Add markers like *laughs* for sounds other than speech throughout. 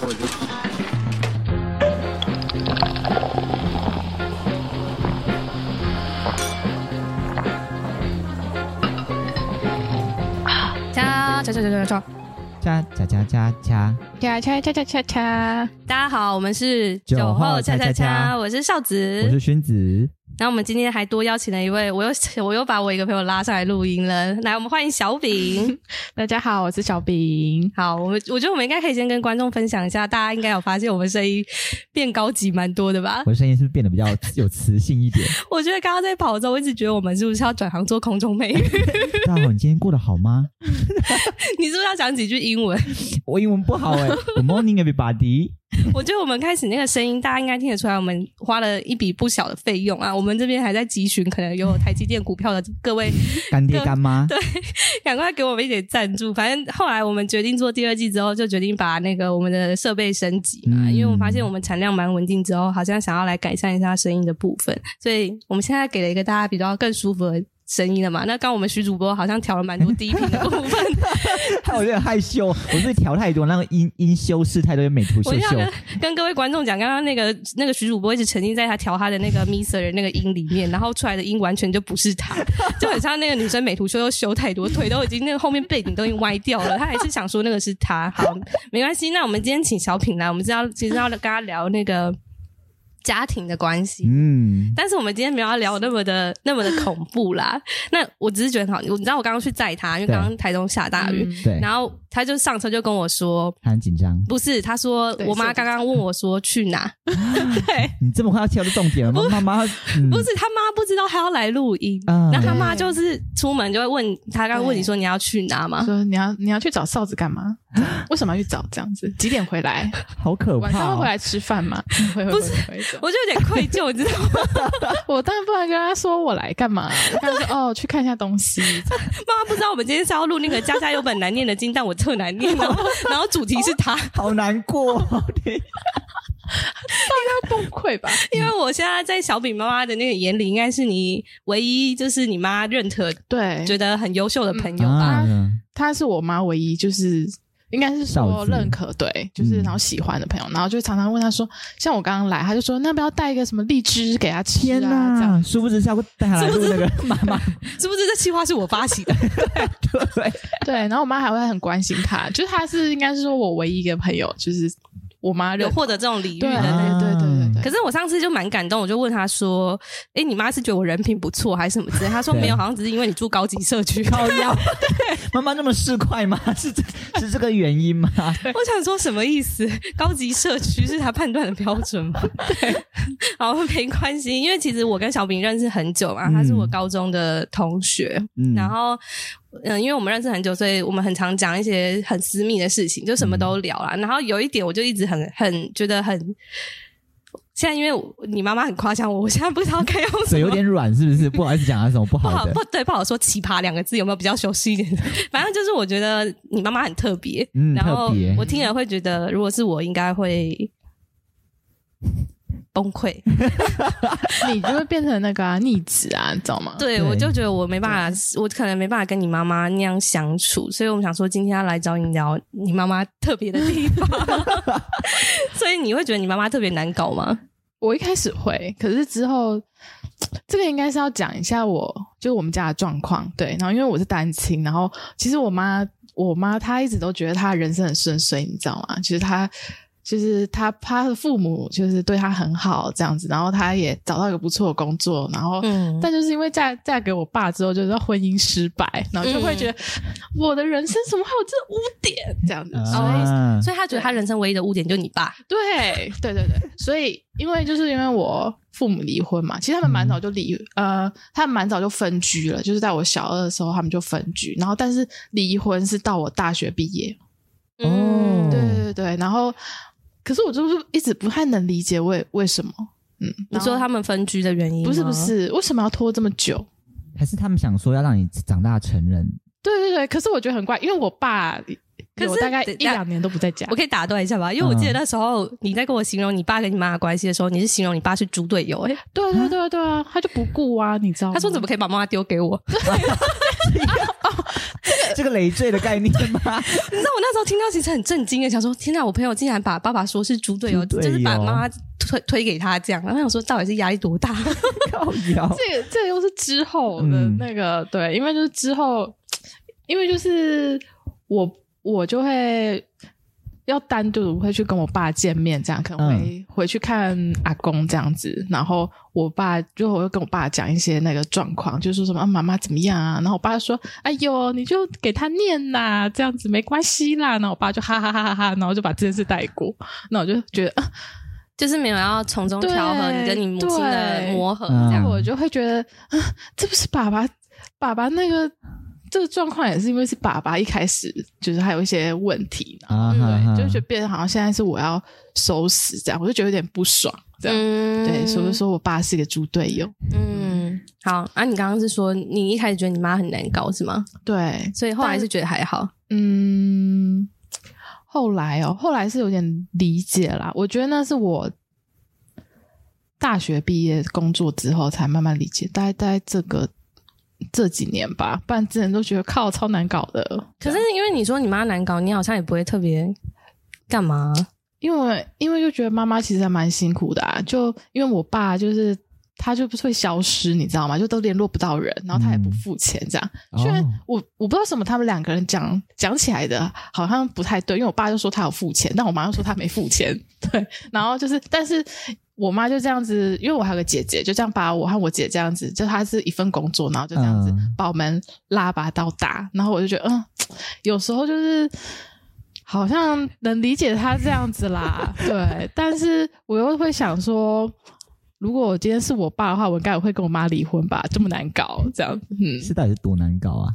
加加加加加加加加加加加大家好，我們是酒後叉叉叉，我是少子，我是燻子。那我們今天還多邀請了一位，我又我又把我一個朋友拉上來錄音了。來，我們歡迎小餅。嗯、 *laughs* 大家好，我是小餅。好，我們我覺得我們應該可以先跟觀眾分享一下，大家應該有發現我們聲音變高級蠻多的吧？我聲音是不是變得比較有磁性一點。 *laughs* 我覺得剛剛在跑的時候，我一直覺得我們是不是要轉行做空中美女？ *laughs* *laughs* 大家好，你今天過得好嗎？ *laughs* *laughs* 你是不是要講幾句英文？ *laughs* 我英文不好哎、欸。Good *laughs* morning, everybody. *laughs* 我覺得我們開始那個聲音，大家應該聽得出來，我們花了一筆不小的費用啊！我們這邊還在急尋，可能有台積電股票的各位乾 *laughs* 爹乾媽，對，趕快給我們一點贊助。反正後來我們決定做第二季之後，就決定把那個我們的設備升級嘛、嗯，因為我們發現我們產量蠻穩定之後，好像想要來改善一下聲音的部分，所以我們現在給了一個大家比較更舒服的。聲音的嘛，那剛剛我們徐主播好像調了蠻多低頻的部分， *laughs* 他有點害羞，我是調太多，那個音音修飾太多，美圖秀秀。跟各位觀眾講，剛剛那個那個徐主播一直沉浸在他調他的那個 Mr. 那個音裡面，然後出來的音完全就不是他，就很像那個女生美圖秀秀修太多，腿都已經那個後面背景都已經歪掉了，他還是想說那個是他。好，沒關係，那我們今天請小餅來，我們是要其實要跟他聊那個。家庭的關係，嗯，但是我們今天沒有要聊那麼的那麼的恐怖啦。那我只是覺得好，你知道我剛剛去載他，因為剛剛台中下大雨，對，然後他就上車就跟我說，他很緊張，不是，他說我媽剛剛問我說去哪，對，你這麼快要跳入重點了嗎？他媽媽不是他媽不知道他要來錄音，啊、嗯，那他媽就是出門就會問他，剛問你說你要去哪嘛，說你要你要去找哨子幹嘛？ *laughs* 為什麼要去找這樣子？幾點回來？好可怕，哦，晚上會回來吃飯嗎？ *laughs* 不是。 *laughs* 我就有點愧疚，你 *laughs* 知道嗎？ *laughs* 我當然不能跟他說我來幹嘛，他說 *laughs* 哦，去看一下東西。媽 *laughs* 媽不知道我們今天是要錄那個家家有本難念的經， *laughs* 但我特難念然。然後主題是他，好難過，應 *laughs* 該 *laughs* *laughs* 崩潰吧？因為我現在在小餅媽媽的那個眼裡，應該是你唯一就是你媽認可、對覺得很優秀的朋友吧？他、嗯啊啊、是我媽唯一就是。應該是說認可，對，就是然後喜歡的朋友，然後就常常問他說，像我剛剛來，他就說，那不要帶一個什麼荔枝給他吃啊，天啊，這樣，殊不知下次帶他來錄那個媽媽，殊不知這企劃是我發起的？ *laughs* 對對對，對，然後我媽還會很關心他，就是他是應該是說我唯一一個朋友，就是。我媽有獲得這種禮遇對，啊、對對對對。可是我上次就蠻感動，我就問他說：“誒、欸、你媽是覺得我人品不錯還是什麼之類的？”他說：“沒有，好像只是因為你住高級社區。對”媽 *laughs* 媽那麼市儈嗎？是這，是這個原因嗎？我想說什麼意思？高級社區是他判斷的標準嗎？ *laughs* 對，好，沒關係，因為其實我跟小餅認識很久嘛，他是我高中的同學，嗯、然後。嗯，因為我們認識很久，所以我們很常講一些很私密的事情，就什麼都聊啦、嗯。然後有一點，我就一直很很覺得很現在，因為你媽媽很誇獎我，我現在不知道該用什麼嘴 *laughs* 有點軟是不是？不好意思，講的什麼不好， *laughs* 不好？不好，對，不好說“奇葩”兩個字，有沒有比較熟悉一點的？ *laughs* 反正就是我覺得你媽媽很特別、嗯，然後我聽了會覺得，如果是我，應該會。嗯嗯崩潰， *laughs* 你就會變成那個、啊、 *laughs* 逆子啊，你知道嗎？對，對，我就覺得我沒辦法，我可能沒辦法跟你媽媽那樣相處，所以我們想說今天要來找你聊你媽媽特別的地方。 *laughs* 所以你會覺得你媽媽特別難搞嗎？ *laughs* 我一開始會，可是之後這個應該是要講一下我，就是我們家的狀況。對，然後因為我是單親，然後其實我媽，我媽她一直都覺得她人生很順遂，你知道嗎？其實，就是她。就是他，他的父母就是對他很好，這樣子，然後他也找到一個不錯的工作，然後，嗯，但就是因為嫁嫁給我爸之後，就是婚姻失敗，然後就會覺得、嗯、我的人生怎麼還有這污點這樣子，啊、所以、哦，所以他覺得他人生唯一的污點就你爸，對，對，對，對，所以，因為就是因為我父母離婚嘛，其實他們蠻早就離，嗯、呃，他們蠻早就分居了，就是在我小二的時候，他們就分居，然後，但是離婚是到我大學畢業，哦，對，對，對，對，然後。可是我就是一直不太能理解為為什麼，嗯，你說他們分居的原因不是不是，為什麼要拖這麼久？還是他們想說要讓你長大成人？對對對，可是我覺得很怪，因為我爸。是我大概一兩年都不在家。我可以打斷一下吧，因為我記得那時候你在跟我形容你爸跟你媽的關係的時候，你是形容你爸是豬隊友，哎，對，對啊，對啊，對啊，他就不顧啊，你知道嗎？他說怎麼可以把媽媽丟給我？ *laughs* *laughs* 這個 *laughs* 這個累贅的概念嗎？ *laughs* 你知道我那時候聽到其實很震驚的，想說天哪、啊，我朋友竟然把爸爸說是豬隊友、友，就是把媽媽推推給他這樣，然後我想說到底是壓力多大？ *laughs* 這個這個又是之後的那個、嗯、對，因為就是之後，因為就是我。我就會要單獨會去跟我爸見面，這樣可能會回去看阿公這樣子。嗯、然後我爸就我會跟我爸講一些那個狀況，就是說什麼、啊、媽媽怎麼樣啊？然後我爸說：“哎呦，你就給他念吶，這樣子沒關係啦。”然後我爸就哈哈哈哈哈，然後就把這件事帶過。那我就覺得、啊，就是沒有要從中調和，你跟你母親的磨合、嗯、這樣，我就會覺得，啊，這不是爸爸爸爸那個。這個狀況也是因為是爸爸一開始就是還有一些問題、啊，對，啊、就就變得好像現在是我要收拾這樣，我就覺得有點不爽，這樣、嗯、對，所以說我爸是一個豬隊友。嗯，好，啊，你剛剛是說你一開始覺得你媽很難搞是嗎？對，所以後來是覺得還好。嗯，後來哦、喔，後來是有點理解啦，我覺得那是我大學畢業工作之後才慢慢理解，大概大概這個。這幾年吧，不然之前都覺得靠超難搞的。可是因為你說你媽難搞，你好像也不會特別幹嘛？因為因為就覺得媽媽其實還蠻辛苦的、啊。就因為我爸就是他就不會消失，你知道嗎？就都聯絡不到人，嗯、然後他也不付錢這樣。雖然我我不知道什麼他們兩個人講講起來的好像不太對，因為我爸就說他有付錢，但我媽又說他沒付錢。對，然後就是但是。我媽就這樣子，因為我還有個姐姐，就這樣把我和我姐這樣子，就她是一份工作，然後就這樣子把我們拉拔到大。嗯、然後我就覺得，嗯，有時候就是好像能理解她這樣子啦， *laughs* 對。但是我又會想說，如果今天是我爸的話，我應該也會跟我媽離婚吧？這麼難搞，這樣子。是、嗯、到底是多難搞啊？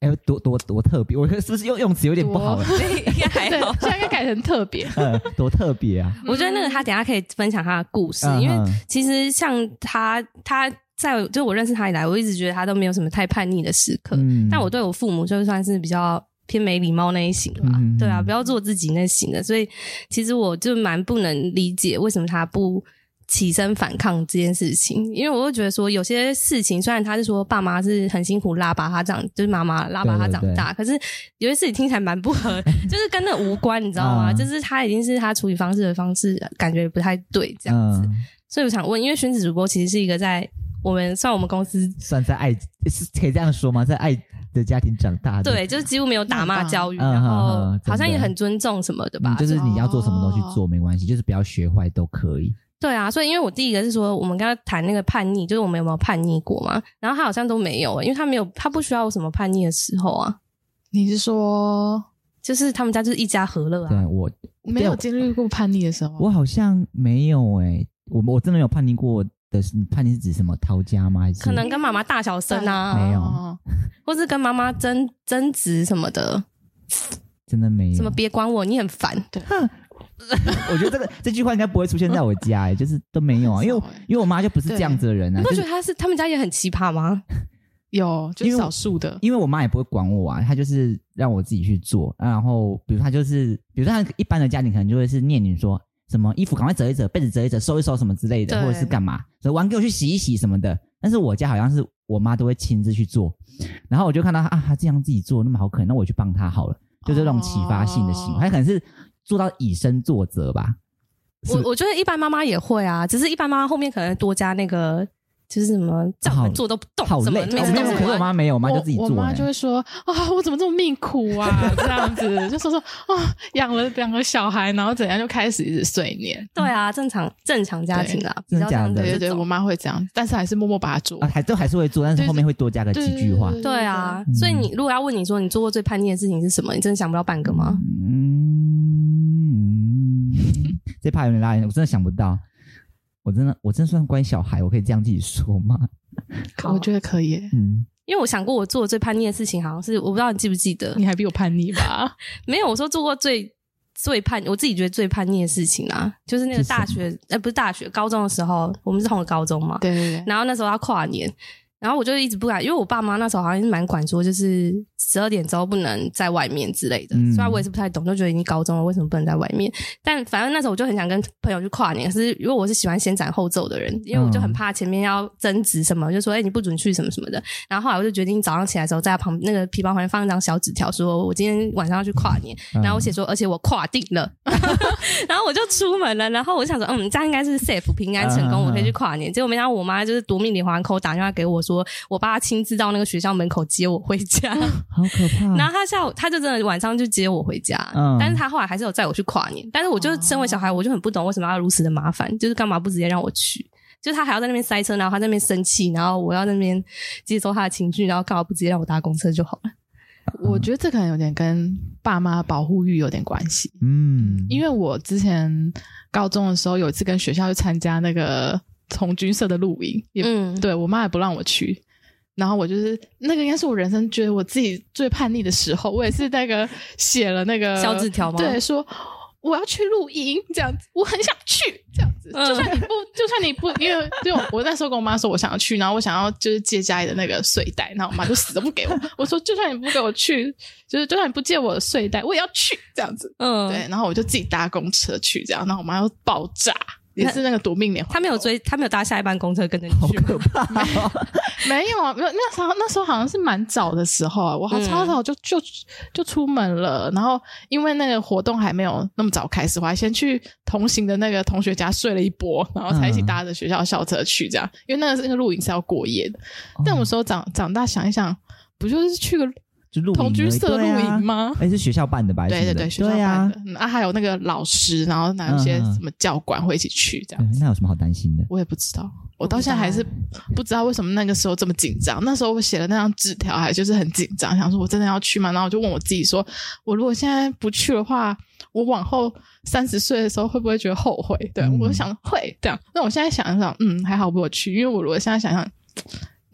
哎、欸，多多多特別，我是不是用用詞有點不好？ *laughs* 應該還好，雖然應該改成特別、嗯，多特別啊！我覺得那個他等一下可以分享他的故事，嗯、因為其實像他，他在就我認識他以來，我一直覺得他都沒有什麼太叛逆的時刻。嗯，但我對我父母就算是比較偏沒禮貌那一型嘛、嗯，對啊，不要做自己那型的，所以其實我就蠻不能理解為什麼他不。起身反抗這件事情，因為我會覺得說有些事情，雖然他是說爸媽是很辛苦拉拔他長，就是媽媽拉拔他長大對對對，可是有些事情聽起來蠻不合， *laughs* 就是跟那無關，你知道嗎、嗯。就是他已經是他處理方式的方式，感覺不太對這樣子、嗯。所以我想問，因為圈子主播其實是一個在我們算我們公司算在愛，是可以這樣說嗎？在愛的家庭長大的，對，就是幾乎沒有打罵教育，然後、嗯、呵呵好像也很尊重什麼的吧？嗯、就是你要做什麼都去做、哦、沒關係，就是不要學壞都可以。對啊，所以因為我第一個是說，我們剛剛談那個叛逆，就是我們有沒有叛逆過嘛？然後他好像都沒有，因為他沒有，他不需要我什麼叛逆的時候啊。你是說，就是他們家就是一家和樂啊？對，我沒有經歷過叛逆的時候，我好像沒有哎、欸，我我真的沒有叛逆過的叛逆是指什麼？逃家嗎？還是可能跟媽媽大小聲啊？沒有，或是跟媽媽爭爭執什麼的，真的沒有。什麼別管我？你很煩，對。 *laughs* 我覺得這個這句話應該不會出現在我家哎、欸，就是都沒有啊、 *laughs* 欸，因為因為我媽就不是這樣子的人啊。你會覺得他是他們家也很奇葩嗎？ *laughs* 有，就是，少數的因。因為我媽也不會管我啊，她就是讓我自己去做。啊、然後，比如她就是，比如說她一般的家庭可能就會是念你說什麼衣服趕快折一折，被子折一折，收一收什麼之類的，或者是幹嘛，折完給我去洗一洗什麼的。但是我家好像是我媽都會親自去做，然後我就看到她啊，她這樣自己做那麼好，可能那我去幫她好了，就是這種啟發性的行為，哦，她可能是。做到以身作則吧，是是我我覺得一般媽媽也會啊，只是一般媽媽後面可能多加那個就是什麼叫我做都不動、哦好麼，好累是動、哦。可是我媽沒有，我媽就自己做。我媽就會說啊、哦，我怎麼這麼命苦啊？ *laughs* 這樣子就說說啊、哦，養了兩個小孩，然後怎樣就開始一直碎念。 *laughs* 嗯」眠對啊，正常正常家庭啊，嗯、對比較這樣真的假的？對，對對，我媽會這樣，但是還是默默把它做。啊、還都還是會做，但是後面會多加個幾句話。對，對，對，對啊、嗯，所以你如果要問你說你做過最叛逆的事情是什麼，你真的想不到半個嗎？嗯。這怕有點拉我真的想不到，我真的，我真算乖小孩，我可以這樣自己說嗎？我覺得可以，嗯，因為我想過，我做的最叛逆的事情，好像是我不知道你記不記得？你還比我叛逆吧？ *laughs* 沒有，我說做過最最叛，我自己覺得最叛逆的事情啊，就是那個大學，呃，不是大學，高中的時候，我們是同個高中嘛，對對對，然後那時候要跨年，然後我就一直不敢，因為我爸媽那時候好像是蠻管說就是。十二點之後不能在外面之類的，雖然我也是不太懂，就覺得已經高中了，為什麼不能在外面？但反正那時候我就很想跟朋友去跨年。可是因為我是喜歡先斬後奏的人，因為我就很怕前面要爭執什麼，我就說哎、欸、你不准去什麼什麼的。然後後來我就決定早上起來的時候，在他旁那個皮包旁邊放一張小紙條，說我今天晚上要去跨年，然後我寫說而且我跨定了， *laughs* 然後我就出門了。然後我想說，嗯，這樣應該是 safe 平安成功，我可以去跨年。結果沒想到我媽就是奪命連環 call，打電話給我說，我爸親自到那個學校門口接我回家。 *laughs* 好可怕！然後他下午，他就真的晚上就接我回家。嗯，但是他後來還是有載我去跨年。但是我就身為小孩，我就很不懂為什麼要如此的麻煩、哦，就是幹嘛不直接讓我去？就是他還要在那邊塞車，然後他那邊生氣，然後我要那邊接收他的情緒，然後幹嘛不直接讓我搭公車就好了？嗯、我覺得這可能有點跟爸媽保護欲有點關係。嗯，因為我之前高中的時候有一次跟學校去參加那個童軍社的露營，嗯，對，我媽也不讓我去。然後我就是那個，應該是我人生覺得我自己最叛逆的時候。我也是那個寫了那個小紙條嘛。對，說我要去露營，這樣子，我很想去，這樣子。嗯、就算你不，就算你不，因為就 *laughs* 我，我那時候跟我媽說我想要去，然後我想要就是借家裡的那個睡袋，然後我媽就死都不給我。 *laughs* 我說就算你不給我去，就是就算你不借我的睡袋，我也要去，這樣子。嗯，對。然後我就自己搭公車去，這樣。然後我媽又爆炸。也是那個奪命連環。他沒有追，他沒有搭下一班公車跟着你去，好可怕，喔！ *laughs* 沒有啊，沒有。那時候那時候好像是蠻早的時候啊，我還超早就就就出門了，然後因為那個活動還沒有那麼早開始，我還先去同行的那個同學家睡了一波，然後才一起搭着學校校車去這樣。嗯、因為那個那個露營是要過夜的，嗯、但我說長長大想一想，不就是去個？同居色露營嗎？哎、啊欸，是學校辦的，吧？的。對對對，學校辦的啊，啊，還有那個老師，然後哪有些什麼教官會一起去，這樣、嗯嗯嗯。那有什麼好擔心的？我也不知道，我到現在還是不知道為什麼那個時候這麼緊張、啊。那時候我寫了那張紙條，還就是很緊張，想說我真的要去嗎？然後我就問我自己說，說我如果現在不去的話，我往後三十歲的時候會不會覺得後悔？對，嗯、我想會這樣。那我現在想一想，嗯，還好不去，因為我如果現在想想。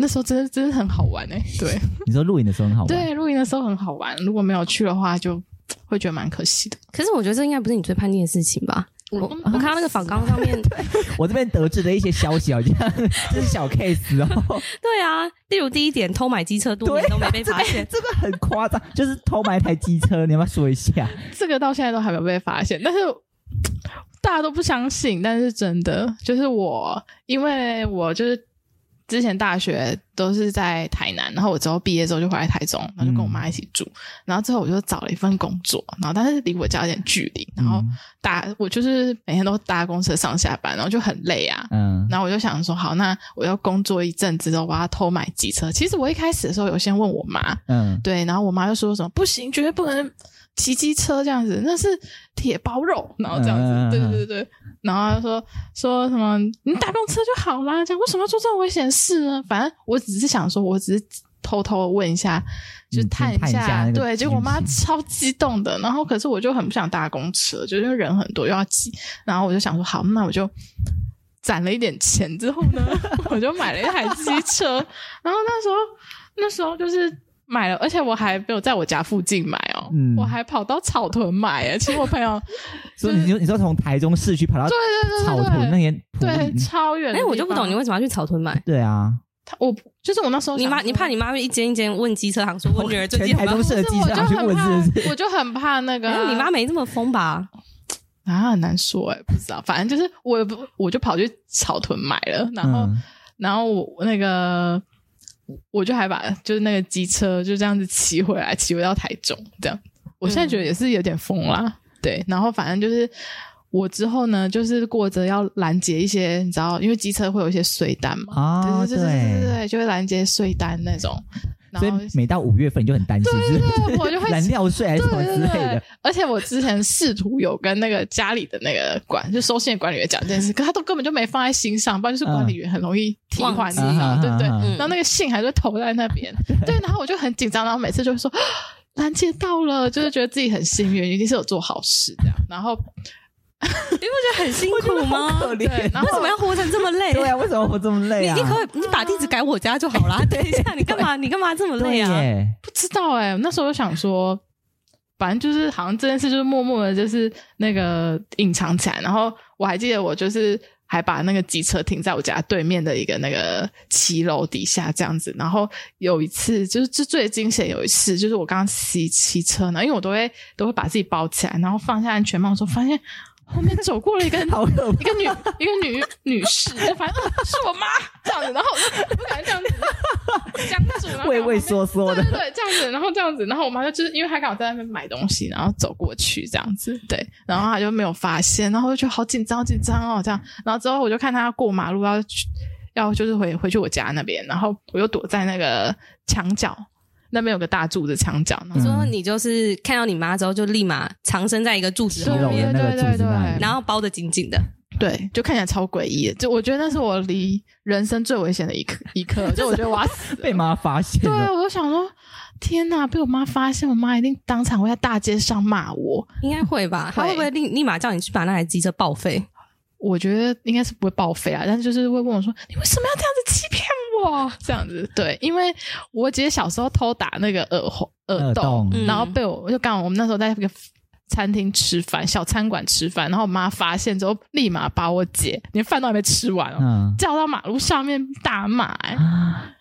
那時候真的真的很好玩哎、欸，對。你說露營的時候很好玩。對，露營的時候很好玩。如果沒有去的話就，就會覺得蠻可惜的。可是我覺得這應該不是你最叛逆的事情吧？我我看到那個訪綱上面， *laughs* 我這邊得知的一些消息好像， *laughs* 這是小 case 哦、喔。對啊，例如第一點，偷買機車，多年都沒被發現，啊這個、這個很誇張， *laughs* 就是偷買一台機車，你要不要說一下？這個到現在都還沒有被發現，但是大家都不相信，但是真的，就是我，因為我就是。之前大學都是在台南，然後我之後畢業之後就回來台中，然後就跟我媽一起住、嗯，然後之後我就找了一份工作，然後但是離我家有點距離，然後搭、嗯，我就是每天都搭公車上下班，然後就很累啊，嗯，然後我就想說，好，那我要工作一陣子之後，我要偷買機車。其實我一開始的時候有先問我媽，嗯，對，然後我媽就說什麼，不行，絕對不能。騎機車這樣子，那是鐵包肉，然後這樣子，嗯、對對對對、嗯，然後他說說什麼你搭公車就好啦，講為什麼要做這麼危險事呢？反正我只是想說，我只是偷偷的問一下，嗯、就是探一下、下，對。結果我媽超激動的，然後可是我就很不想搭公車，就因、是、為人很多又要擠，然後我就想說，好，那我就攢了一點錢之後呢， *laughs* 我就買了一台機車， *laughs* 然後那時候那時候就是。買了，而且我還沒有在我家附近買哦、喔嗯，我還跑到草屯買哎、欸。 *laughs* 其實我朋友，就是、所以你你說從台中市區跑到對對對草屯那邊，對超遠。哎、欸，我就不懂你為什麼要去草屯買？對啊，我就是我那時候你媽，你怕你媽一間一間問機車行說，我女兒最近很台中設計我， *laughs* 我就很怕那個、啊欸。你媽沒這麼瘋吧？啊，很難說哎、欸，不知道、啊。反正就是我，我就跑去草屯買了，然後、嗯、然後我那個。我就還把就是那個機車就這樣子騎回來，騎回到台中，這樣。我現在覺得也是有點瘋啦、嗯，對。然後反正就是我之後呢，就是過着要攔截一些，你知道，因為機車會有一些碎單嘛，啊、哦，對對對對，就會攔截碎單那種。所以每到五月份就很擔心是不是，對對對，我就會 *laughs* 尿睡還是什麼之類的對對對對。而且我之前試圖有跟那個家裡的那個管，就收信的管理員講這件事，可他都根本就沒放在心上，不然就是管理員很容易替換的、嗯，對不對、嗯？然後那個信還是投在那邊，對。然後我就很緊張，然後每次就會說攔截到了，就是覺得自己很幸運，一定是有做好事這樣。然後。你 *laughs* 不覺得很辛苦嗎？對，然後然後 *laughs* 對、啊，為什麼要活成這麼累？對啊，為什麼活這麼累啊？你一可以、嗯啊，你把地址改我家就好了。 *laughs* 等一下，你幹嘛？ *laughs* 你幹嘛這麼累啊？不知道哎、欸。那時候我想說，反正就是好像這件事就是默默的，就是那個隱藏起來。然後我還記得，我就是還把那個機車停在我家對面的一個那個騎樓底下這樣子。然後有一次，就是最最驚險有一次，就是我剛剛洗汽車呢，因為我都會都會把自己包起來，然後放下安全帽的時候發現。後面走過了一個 *laughs* 一個女 *laughs* 一個女女士，我 *laughs* 反正是我媽這樣子，然後我就不敢這樣子，僵 *laughs* 住，畏畏縮縮的， *laughs* 對，對對，這樣子，然後這樣子，然後我媽就就是因為她剛好在那邊買東西，然後走過去這樣子，對，然後她就沒有發現，然後就好緊張好緊張哦，這樣，然後之後我就看她過馬路要要就是回回去我家那邊，然後我又躲在那個牆角。那邊有個大柱子牆角嘛，說你就是看到你媽之後，就立馬藏身在一個柱子後面，對對，對對對對，然後包得緊緊的，對，就看起來超詭異。就我覺得那是我離人生最危險的一刻 *laughs* 一刻，就我覺得我要死了被媽發現。對，我就想說，天哪，被我媽發現，我媽一定當場會在大街上罵我，應該會吧？她 *laughs* 會不會立立馬叫你去把那台機車報廢？我覺得應該是不會報廢啊，但是就是會問我說，你為什麼要這樣子欺騙啊？哇，這樣子對，因為我姐小時候偷打那個耳耳洞，耳洞，嗯，然後被我，就剛好我們那時候在那個餐廳吃飯，小餐館吃飯，然後我媽發現之後，立馬把我姐連飯都還沒吃完，哦嗯，叫到馬路上面大罵，欸。啊，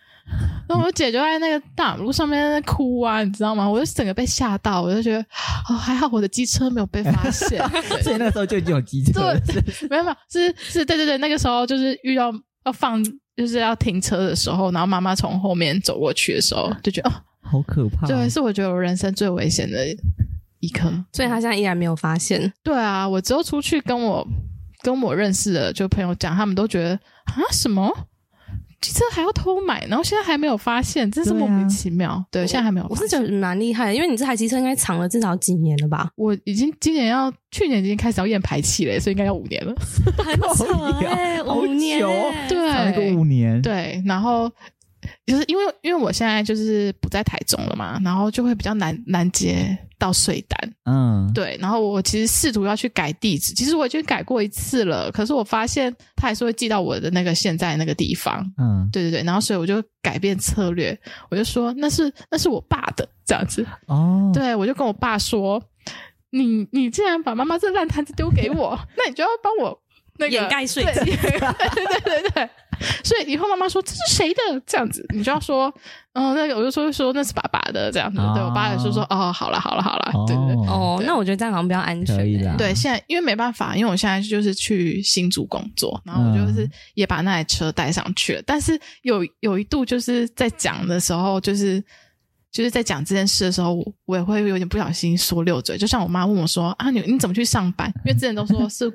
然後我姐就在那個馬路上面在哭啊，你知道嗎？我就整個被嚇到，我就覺得哦，還好我的機車沒有被發現。 *laughs* 對 *laughs* 所以那個時候就已經有機車了 *laughs* 沒辦法，是是，對對對，那個時候就是遇到要放。就是要停車的時候，然後媽媽從後面走過去的時候，啊、就覺得哦，好可怕、欸！對，是我覺得我人生最危險的一刻，所以他現在依然沒有發現。對啊，我之後出去跟我跟我認識的就朋友講，他們都覺得啊，什麼？機車還要偷買，然後現在還沒有發現，真是莫名其妙。對、啊對，現在還沒有發現。我是覺得蠻厲害的，因為你這台機車應該藏了至少幾年了吧？我已經今年要，去年已經開始要驗排氣了，所以應該要五年了。很 *laughs* 哎、欸，五年、欸，對，藏了個五年。對，然後就是因為因為我現在就是不在台中了嘛，然後就會比較難難接。到稅單，嗯，對，然後我其實試圖要去改地址，其實我已經改過一次了，可是我發現他還是會寄到我的那個現在那個地方，嗯，對對對，然後所以我就改變策略，我就說那是那是我爸的這樣子，哦，對，我就跟我爸說，你你既然把媽媽這爛攤子丟給我， *laughs* 那你就要幫我那個、掩蓋稅金，對對對對。 *laughs* 所以以後媽媽說，這是誰的這樣子，你就要說，嗯，那個我就說說那是爸爸的這樣子，哦、對我爸也說說哦，好了好了好了、哦，對對對，哦，那我覺得這樣好像比較安全、欸，對，現在因為沒辦法，因為我現在就是去新竹工作，然後我就是也把那台車帶上去了，嗯、但是有有一度就是在講的時候就是。就是在講這件事的時候，我也會有點不小心說溜嘴。就像我媽問我說：“啊，你你怎麼去上班？”因為之前都說是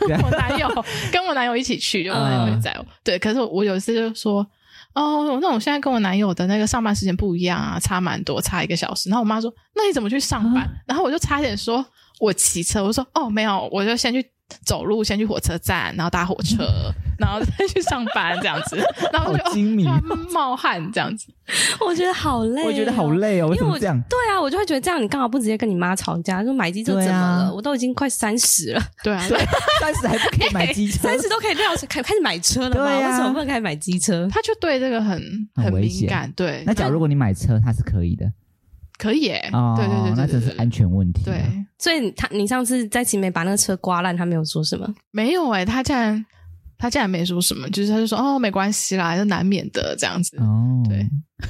跟我男友、 *laughs* 跟我男友一起去， *laughs* 就我男友會載我。對，可是我有一次就說：“哦，那我現在跟我男友的那個上班時間不一樣啊，差蠻多，差一個小時。”然後我媽說：“那你怎麼去上班？” *laughs* 然後我就差一點說：“我騎車。”我說：“哦，沒有，我就先去。”走路先去火車站，然後搭火車，然後再去上班這樣子，然後就冒汗這樣子， *laughs* 好精明，我覺得好累，啊，我覺得好累哦，為什麼這樣因為我？對啊，我就會覺得這樣，你幹嘛不直接跟你媽吵架？說買機車怎麼了，啊？我都已經快三十了，對啊，三 *laughs* 十還不可以買機車，三、欸、十、欸、都可以開始開始買車了嘛，對啊，為什麼不能開始買機車？他就對這個很很敏感很，對。那假如果你買車，嗯，他是可以的。可以哎、欸，哦、對，對，對，對，對對對，那這是安全問題。對，所以他，你上次在前面把那個車刮爛，他沒有說什麼？沒有誒、欸，他竟然，他竟然沒說什麼，就是他就說哦，沒關係啦，就難免的這樣子。哦，對， *laughs*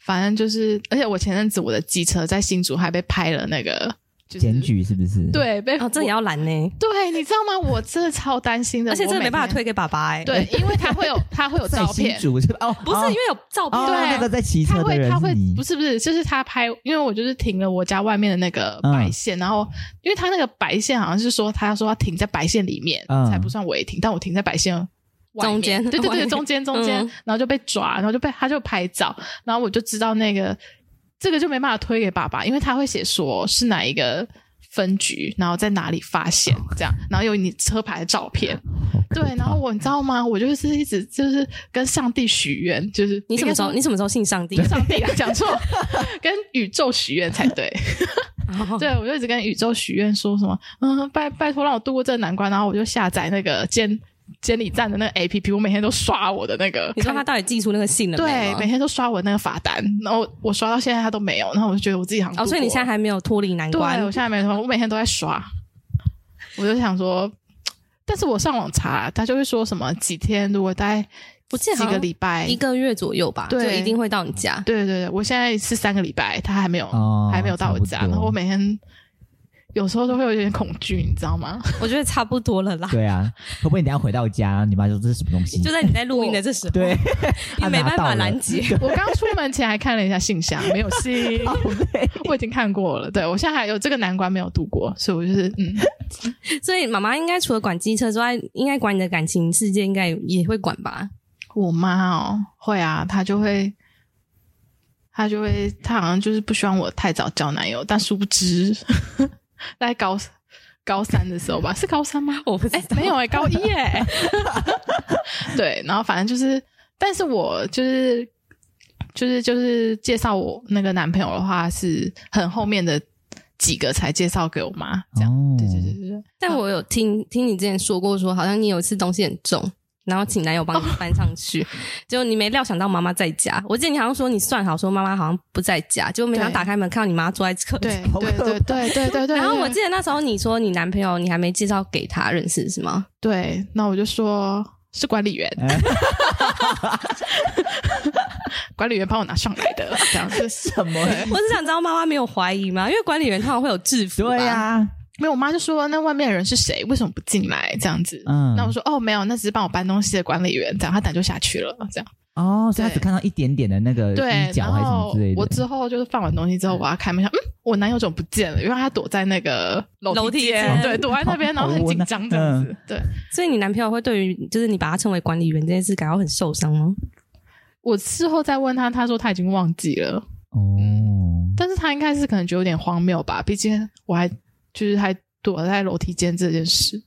反正就是，而且我前陣子我的機車在新竹還被拍了那個。就是、檢舉是不是？對，被哦，這也要攔呢、欸。對，你知道嗎？我真的超擔心的， *laughs* 而且這沒辦法推給爸爸哎、欸。對，因為他會有他會有照片。 *laughs* 是不是哦，不是、哦，因為有照片、哦。對、啊哦那個在騎車的人，他會，他會，不是不是，就是他拍，因為我就是停了我家外面的那個白線，嗯、然後因為他那個白線好像是說，他要說要停在白線裡面、嗯、才不算違停，但我停在白線的外面中間，對對對，中間中間、嗯，然後就被抓，然後就被他就拍照，然後我就知道那個。這個就沒辦法推給爸爸，因為他會寫說是哪一個分局，然後在哪裡發現，這樣，然後有你車牌的照片， *laughs* 對，然後我你知道嗎？我就是一直就是跟上帝許願，就是你什麼時候你什麼時候信上帝？上帝、啊、講錯， *laughs* 跟宇宙許願才對。 *laughs* *laughs* 對，我就一直跟宇宙許願，說什麼嗯，拜拜託讓我度過這個難關，然後我就下載那個監。監理站的那個 APP，我每天都刷我的那個，你看他到底寄出那個信了沒嗎？對，每天都刷我的那個罰單，然後我刷到現在他都沒有，然後我就覺得我自己很，哦，所以你現在還沒有脫離難關？對我現在沒脫，我每天都在刷， *laughs* 我就想說，但是我上網查，他就會說什麼幾天，如果在不記幾個禮拜，一個月左右吧對，就一定會到你家對。對對對，我現在是三個禮拜，他還沒有，哦、還沒有到我家，然後我每天。有時候都會有一點恐懼，你知道嗎？我覺得差不多了啦。對啊，可不可以你等下回到家，你媽說這是什麼東西？就在你在錄音的這時候，對，你沒辦法攔截。我剛出門前還看了一下信箱，沒有信、 *laughs* oh。我已經看過了。對，我現在還有這個難關沒有度過，所以我就是嗯。 *laughs* 所以媽媽應該除了管機車之外，應該管你的感情世界，應該也會管吧？我媽哦，會啊，她就會，她就會，她好像就是不希望我太早交男友，但殊不知。 *laughs* 在高高三的時候吧，是高三嗎？我不是、欸、沒有哎、欸，高一哎、欸。 *laughs* *laughs* 對，然後反正就是，但是我就是，就是就是介紹我那個男朋友的話，是很後面的幾個才介紹給我媽，這樣。對、哦、對對對對。但我有聽聽你之前說過說，說好像你有一次東西很重。然後請男友幫你搬上去，oh. 結果你沒料想到媽媽在家。我記得你好像說你算好說媽媽好像不在家，結果沒想到打開門看到你媽坐在客廳。對對對對對對，對。然後我記得那時候你說你男朋友你還沒介紹給他認識是嗎？對，那我就說是管理員，呃、 *laughs* *laughs* 管理員幫我拿上來的。 *laughs* 這樣是什麼、欸？我只想知道媽媽沒有懷疑嗎？因為管理員他好像會有制服呀。對啊沒有，我媽就說，那外面的人是誰？為什麼不進來？這樣子，嗯，那我說哦，沒有，那只是幫我搬東西的管理員。這樣，他等就下去了，這樣。哦，所以他只看到一點點的那個腳還是什麼之類的。我之後就是放完東西之後，我要開門，想嗯，我男友怎麼不見了，因為他躲在那個樓梯間，樓梯間哦、對，躲在那邊，哦、然後很緊張、哦、這樣子、嗯。對，所以你男朋友會對於就是你把他稱為管理員這件事感到很受傷嗎？我事後再問他，他說他已經忘記了。哦、嗯，但是他應該是可能覺得有點荒謬吧，畢竟我還。就是還躲在樓梯間這件事，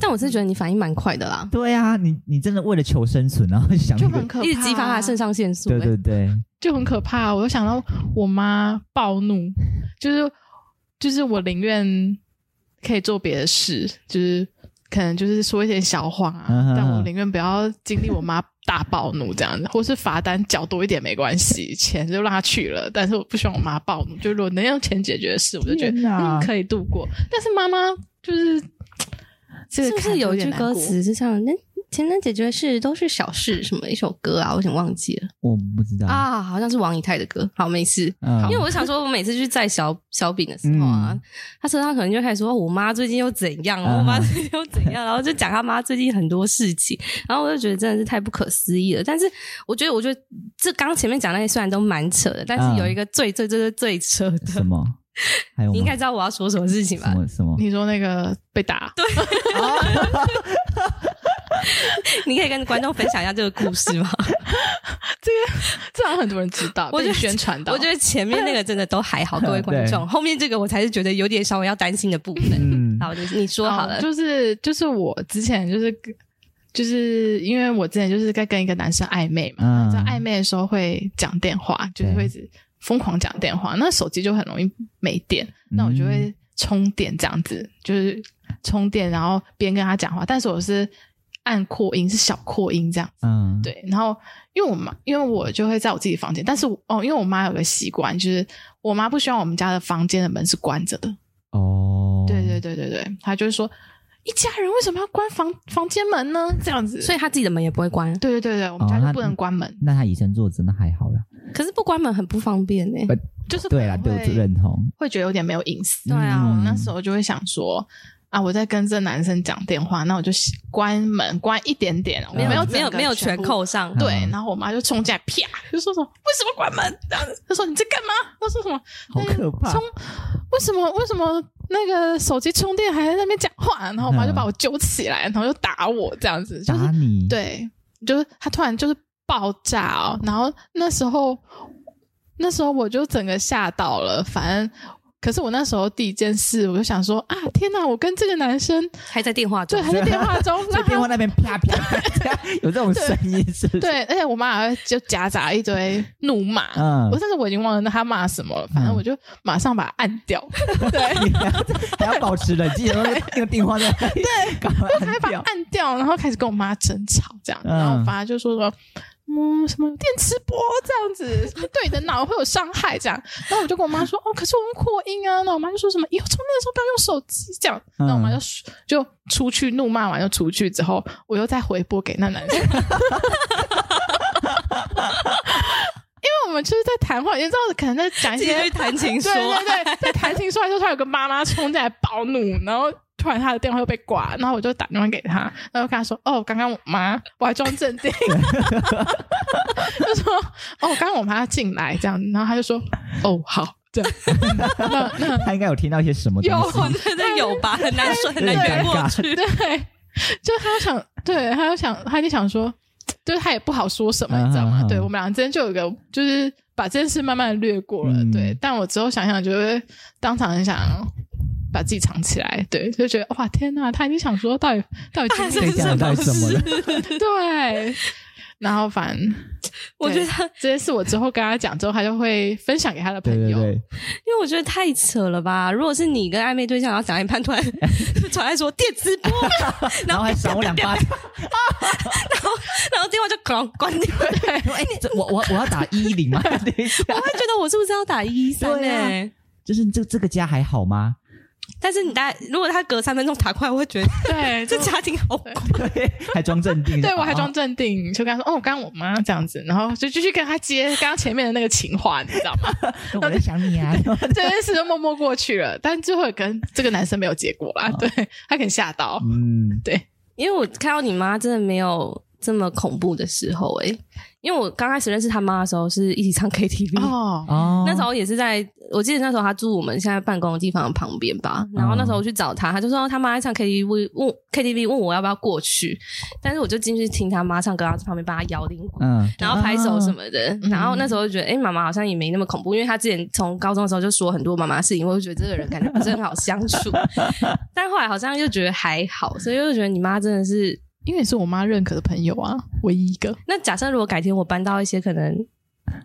但我真的覺得你反應蠻快的啦。對啊，你你真的為了求生存，啊，然後想就很可怕，啊，一直激發他腎上腺素，欸。對對對，就很可怕，啊。我就想到我媽暴怒，就是就是我寧願可以做別的事，就是可能就是說一些小謊啊，嗯呵呵，但我寧願不要經歷我媽。 *laughs* 大暴怒這樣子，或是罰單繳多一點沒關係，錢就讓他去了。但是我不希望我媽暴怒，就如果能用錢解決的事，我就覺得嗯可以度過。但是媽媽就是，這是不是有一句歌詞是像的？這錢能解決的事都是小事，什麼一首歌啊，我已經忘記了，我不知道啊，好像是王以太的歌。好，沒事，呃、因為我想說，我每次去載小小餅的時候啊，嗯、啊他車上可能就開始說：“我媽最近又怎樣？我媽最近又怎樣？”呃、然後就講他媽最近很多事情，然後我就覺得真的是太不可思議了。但是我覺得，我覺得這剛前面講那些雖然都蠻扯的，但是有一個最最最最最，最扯的什麼？還有你應該知道我要說什麼事情吧？什麼？什麼？你說那個被打？對。哦 *laughs* *laughs* 你可以跟觀眾分享一下這個故事嗎？ *laughs* 這個自然很多人知道，我被宣傳到。我覺得前面那個真的都還好， *laughs* 各位觀眾、嗯。後面這個我才是覺得有點稍微要擔心的部分、嗯。好，就是你說好了，哦、就是就是我之前就是就是因為我之前就是在跟一個男生曖昧嘛，嗯、在曖昧的時候會講電話，就是會瘋狂講電話，那手機就很容易沒電，那我就會充電這樣子，嗯、就是充電，然後邊跟他講話，但是我是。按擴音是小擴音這樣子，嗯，對。然後因為我媽，因為我就會在我自己房間，但是哦，因為我媽有個習慣，就是我媽不希望我們家的房間的門是關着的。哦，對對對對對，她就是說，一家人為什麼要關房房間門呢？這樣子，所以她自己的門也不會關。對對對，對我們家就不能關門。哦，那她以前住真的還好啦，可是不關門很不方便呢。就是對啊，對，對我就認同，會覺得有點沒有隱私。對、嗯、啊，然後我那時候就會想說。啊！我在跟這男生講電話，那我就關門關一點點，我沒有沒有沒有，沒有全扣上。對，嗯，然後我媽就衝進來，啪，就說什麼為什麼關門？她說你在幹嘛？她說什麼？好可怕，欸！為什麼？為什麼那個手機充電還在那邊講話？然後我媽就把我揪起來，然後就打我這樣子，就是對，就是他突然就是爆炸哦。然後那時候那時候我就整個嚇到了，反正。可是我那時候第一件事，我就想說啊，天哪！我跟這個男生還在電話，中，對，還在電話中，在、啊、電話那邊啪啪， *laughs* 這有這種聲音是不是？對，而且我媽還就夾雜一堆怒罵、嗯，我甚至我已經忘了他罵什麼了，反正我就馬上把他按掉，嗯、對 *laughs* 還，還要保持冷靜，那個電話在哪裡，對，搞還把他按掉，然後開始跟我媽爭吵，這樣，然後我媽就說說。嗯嗯，什麼電磁波這樣子，對你的腦會有傷害這樣。然後我就跟我媽說，哦，可是我用擴音啊。那我媽就說什麼，以後充電的時候不要用手機這樣。然後我媽就就出去怒罵完就出去之後，我又再回撥給那男生， *laughs* *laughs* *laughs* *laughs* *laughs* 因為我們就是在談話，你知道可能在講一些接談情說， *laughs* 對對對，在談情說的時候，他有個媽媽衝進來暴怒，然後。突然他的電話又被掛，然後我就打電話給他，然後跟他說：“哦，剛剛我媽，我還裝鎮定。 *laughs* ” *laughs* 就說：“哦，剛剛我媽要進來，這樣。”然後他就說：“哦，好。對”這 *laughs* 樣他應該有聽到一些什麼？有，真的有吧？很難說，很難去過去，去對，對。就他又想，對，他就想，他就想說，就是他也不好說什麼， *laughs* 你知道嗎？對，我們倆之間就有一個，就是把這件事慢慢的略過了。對。嗯、但我之後想想，就是當場很想。把自己藏起來，對，就覺得哇天哪、啊，他已經想說到底到底發生了什麼事？對，然後反正我覺得他這件事我之後跟他講之後，他就會分享給他的朋友，對對對對，因為我覺得太扯了吧。如果是你跟曖昧對象要講一半，突然傳來說電直播，然後， *laughs* 然後還賞我兩巴掌，然後然後，然後電話就可能關掉。哎、欸，你這我我我要打一一零嗎？ *laughs* 等一下，我會覺得我是不是要打一一三呢？就是這這個家還好嗎？但是你他如果他隔三分鐘打過來，我會覺得對，這家庭好對，還裝鎮定。 *laughs* 對我還裝鎮定，就跟他說哦，我剛，剛我媽這樣子，然後就繼續跟他接剛剛前面的那個情話，你知道嗎？ *laughs* 我在想你啊， *laughs* 對 *laughs* 對對對對，對這件事就默默過去了。但最後跟這個男生沒有結果啦。哦、對他肯定嚇到。嗯，對，因為我看到你媽真的沒有這麼恐怖的時候、欸，誒。因為我剛開始認識他媽的時候，是一起唱 KTV 哦、oh,，那時候也是在，我記得那時候他住我們現在辦公的地方旁邊吧。Oh. 然後那時候我去找他，他就說他媽在唱 KTV 問 KTV 問我要不要過去，但是我就進去聽他媽唱歌，然後在旁邊幫他搖鈴鼓然後拍手什麼的、啊。然後那時候就覺得，哎、欸，媽媽好像也沒那麼恐怖，嗯、因為他之前從高中的時候就說很多媽媽事情，我就覺得這個人感覺不是很好相處。 *laughs* 但後來好像又覺得還好，所以我就覺得你媽真的是。因為也是我媽認可的朋友啊，唯一一個。 *laughs* 那假設如果改天我搬到一些可能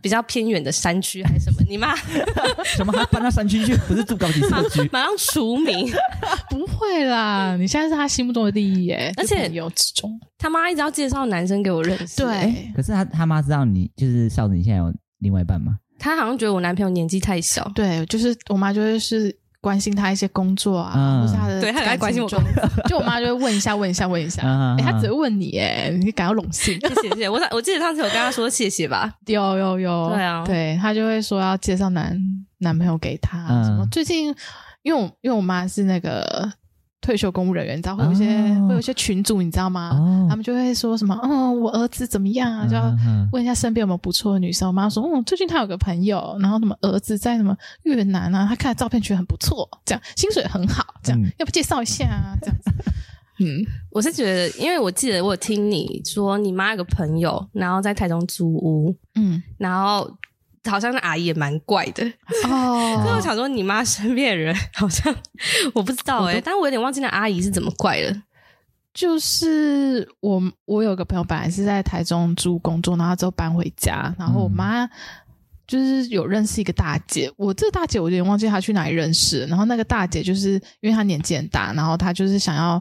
比較偏遠的山區還是什麼，你媽 *laughs* 什麼他搬到山區去？不是住高級山區， *laughs* 馬上除名。 *laughs* 不會啦，你現在是他心目中的第一耶，而且她之中，他媽一直要介紹男生給我認識、欸。對，可是他他媽知道你就是少子，你現在有另外一半嗎？他好像覺得我男朋友年紀太小。對，就是我媽覺得是。關心他一些工作啊，嗯、或是他的對，他很關心我就， *laughs* 就我媽就會問一下，問一下，問一下，嗯欸嗯、他只會問你，哎、嗯，你感到榮幸，謝謝。 *laughs* 謝謝我我記得上次有跟她說謝謝吧，有有有，對啊，對他就會說要介紹男男朋友給他，什麼、嗯、最近，因為我因為我媽是那個。退休公務人員，然後有一些、oh. 會有一些群組，你知道嗎？Oh. 他們就會說什麼：“嗯，我兒子怎麼樣啊？”就要問一下身邊有沒有不錯的女生。我媽說：“嗯，最近她有個朋友，然後什麼兒子在什麼越南啊，她看的照片覺得很不錯，這樣薪水很好，這樣、嗯、要不介紹一下啊？”這樣子。 *laughs* 嗯， *laughs* 我是覺得，因為我記得我有聽你說，你媽有個朋友，然後在台中租屋，嗯，然後。好像那阿姨也蠻怪的哦。那、oh, 我想說你，你媽身邊的人好像我不知道哎、欸，但我有點忘記那阿姨是怎麼怪的。就是我，我有個朋友本來是在台中租工作，然後之後搬回家。然後我媽就是有認識一個大姐、嗯，我這個大姐我有點忘記她去哪裡認識。然後那個大姐就是因為她年紀很大，然後她就是想要，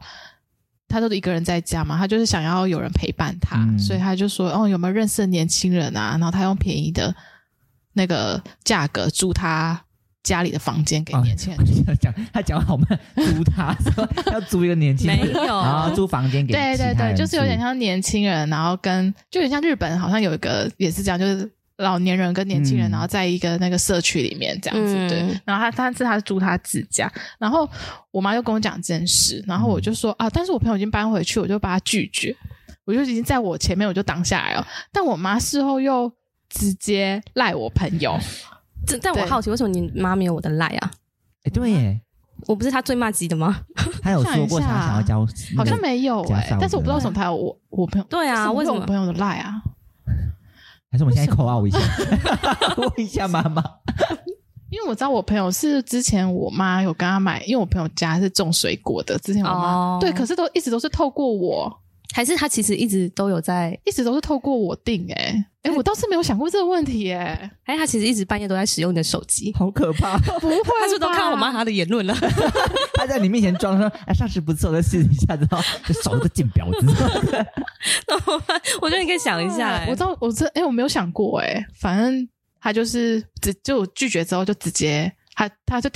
她都是一個人在家嘛，她就是想要有人陪伴她，嗯、所以她就說：“哦，有沒有認識的年輕人啊？”然後她用便宜的。那個價格租他家裡的房間給年輕人，啊、講他講好慢，租他 *laughs* 說要租一個年輕人， *laughs* 沒有然後租房間給對對對，對人，就是有點像年輕人，然後跟就有點像日本，好像有一個也是這樣，就是老年人跟年輕人、嗯，然後在一個那個社區裡面這樣子，嗯、對。然後他他是他租他自家，然後我媽就跟我講這件事，然後我就說啊，但是我朋友已經搬回去，我就把他拒絕，我就已經在我前面我就擋下來了，但我媽事後又。直接賴我朋友，這但我好奇，為什麼你媽沒有我的賴啊？哎，對耶，我不是他最麻吉的嗎？她有說過他想、啊、想要加我，好像沒有哎、欸，但是我不知道什麼牌，我我朋友對啊，為什麼我朋友的賴啊？還是我們現在 call 啊，我一下， *laughs* 問一下媽媽， *laughs* 因為我知道我朋友是之前我媽有跟他買，因為我朋友家是種水果的，之前我媽、oh. 對，可是都一直都是透過我。還是他其實一直都有在，一直都是透過我訂、欸，誒、欸、誒、欸、我倒是沒有想過這個問題、欸，哎，哎，他其實一直半夜都在使用你的手機，好可怕， *laughs* 不會，他是不是都看我媽她的言論了， *laughs* 他在你面前裝說 *laughs* 哎，上次不錯，試一下之後，就手都進婊子， *laughs* *laughs* 我覺得你可以想一下、欸，我知道，我知道，哎、欸，我沒有想過、欸，哎，反正他就是直就拒絕之後就直接，他他就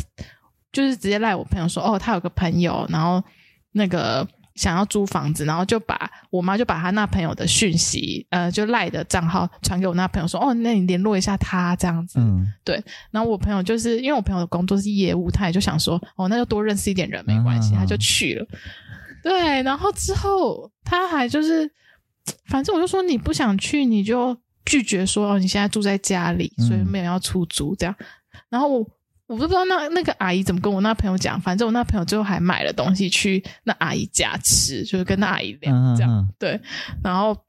就是直接 LINE 我朋友說，哦，他有個朋友，然後那個。想要租房子，然後就把我媽就把他那朋友的訊息，呃，就賴的賬號傳給我那朋友，說，哦，那你聯絡一下他這樣子，嗯，對。然後我朋友就是因為我朋友的工作是業務，他也就想說，哦，那就多認識一點人沒關係，他就去了。啊啊，對，然後之後他還就是，反正我就說你不想去你就拒絕說，哦，你現在住在家裡，所以沒有要出租這樣。嗯，然後我。我不知道那那個阿姨怎麼跟我那朋友講，反正我那朋友最後還買了東西去那阿姨家吃，就是跟那阿姨聊這樣，嗯嗯嗯對，然後。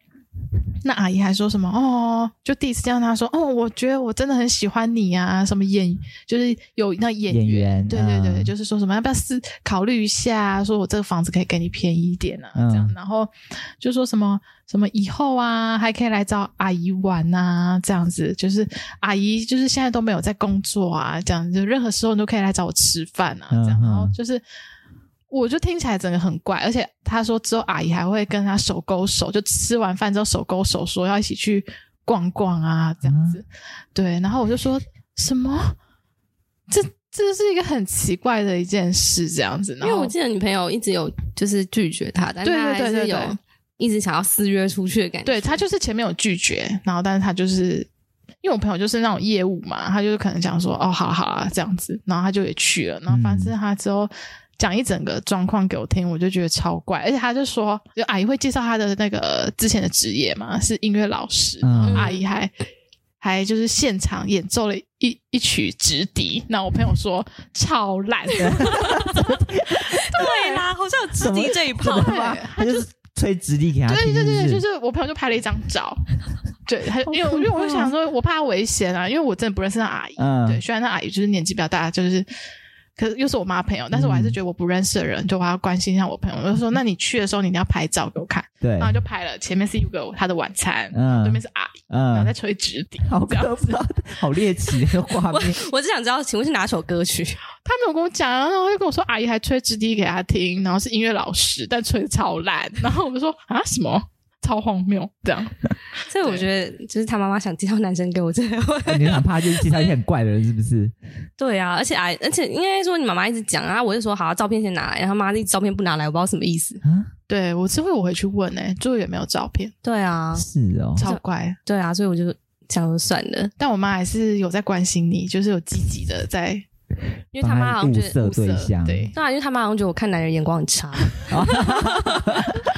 那阿姨還說什麼哦？就第一次這樣，她說哦，我覺得我真的很喜歡你啊，什麼演就是有那演員、演員，對對對，嗯、就是說什麼要不要思考慮一下，說我這個房子可以給你便宜一點啊。嗯、這樣，然後就說什麼什麼以後啊還可以來找阿姨玩啊，這樣子，就是阿姨就是現在都沒有在工作啊，這樣子，任何時候你都可以來找我吃飯啊嗯嗯，這樣，然後就是。我就聽起來整個很怪，而且他說之後阿姨還會跟他手勾手，就吃完飯之後手勾手，說要一起去逛逛啊這樣子，嗯。對，然後我就說什麼？這這是一個很奇怪的一件事，這樣子。因為我記得女朋友一直有就是拒絕他，但他還是有一直想要私約出去的感覺。嗯、對他就是前面有拒絕，然後但是他就是因為我朋友就是那種業務嘛，他就可能想說哦，好啊好啊這樣子，然後他就也去了，然後反正他之後。嗯講一整個狀況給我聽，我就覺得超怪。而且他就說，就阿姨會介紹他的那個之前的職業嘛，是音樂老師，嗯。阿姨還還就是現場演奏了一一曲直笛。那我朋友說 *laughs* 超爛的。對啊，好像有直笛這一趴對吧？他就是吹直笛給他聽。對對對，就是我朋友就拍了一張照。 *laughs* 對，還因為因為我就想說，我怕他危險啊，因為我真的不認識那阿姨，嗯。對，雖然那阿姨就是年紀比較大，就是。可是又是我媽朋友，但是我還是覺得我不認識的人，嗯，就我要關心一下我朋友。我就說，那你去的時候，你一定要拍照給我看。對，然、啊、後就拍了，前面是一個他的晚餐，嗯，對面是阿姨，嗯，然後在吹直笛，好搞笑，好獵奇的畫面 *laughs* 我。我只想知道，請問是哪首歌曲？他沒有跟我講，然後他就跟我說，阿姨還吹直笛給他聽，然後是音樂老師，但吹超爛。 *laughs* 然後我就說，啊，什麼？超荒謬，這樣。所以我覺得， *laughs* 就是他媽媽想介紹男生給我，這樣、啊、你哪怕，就是介紹一些很怪的人，是不是？ *laughs* 對啊，而且哎、啊、而且應該說你媽媽一直講啊，我就說好，照片先拿來。然後他媽這照片不拿來，我不知道什麼意思。嗯、啊，對，我之後我會去問呢、欸，最後有沒有照片？對啊，是哦、喔，超怪。對啊，所以我就講算了。但我媽還是有在關心你，就是有積極的在。因為他媽好像覺得對象，對，對、啊、因為他媽好像覺得我看男人眼光很差。 *laughs* *laughs* *laughs*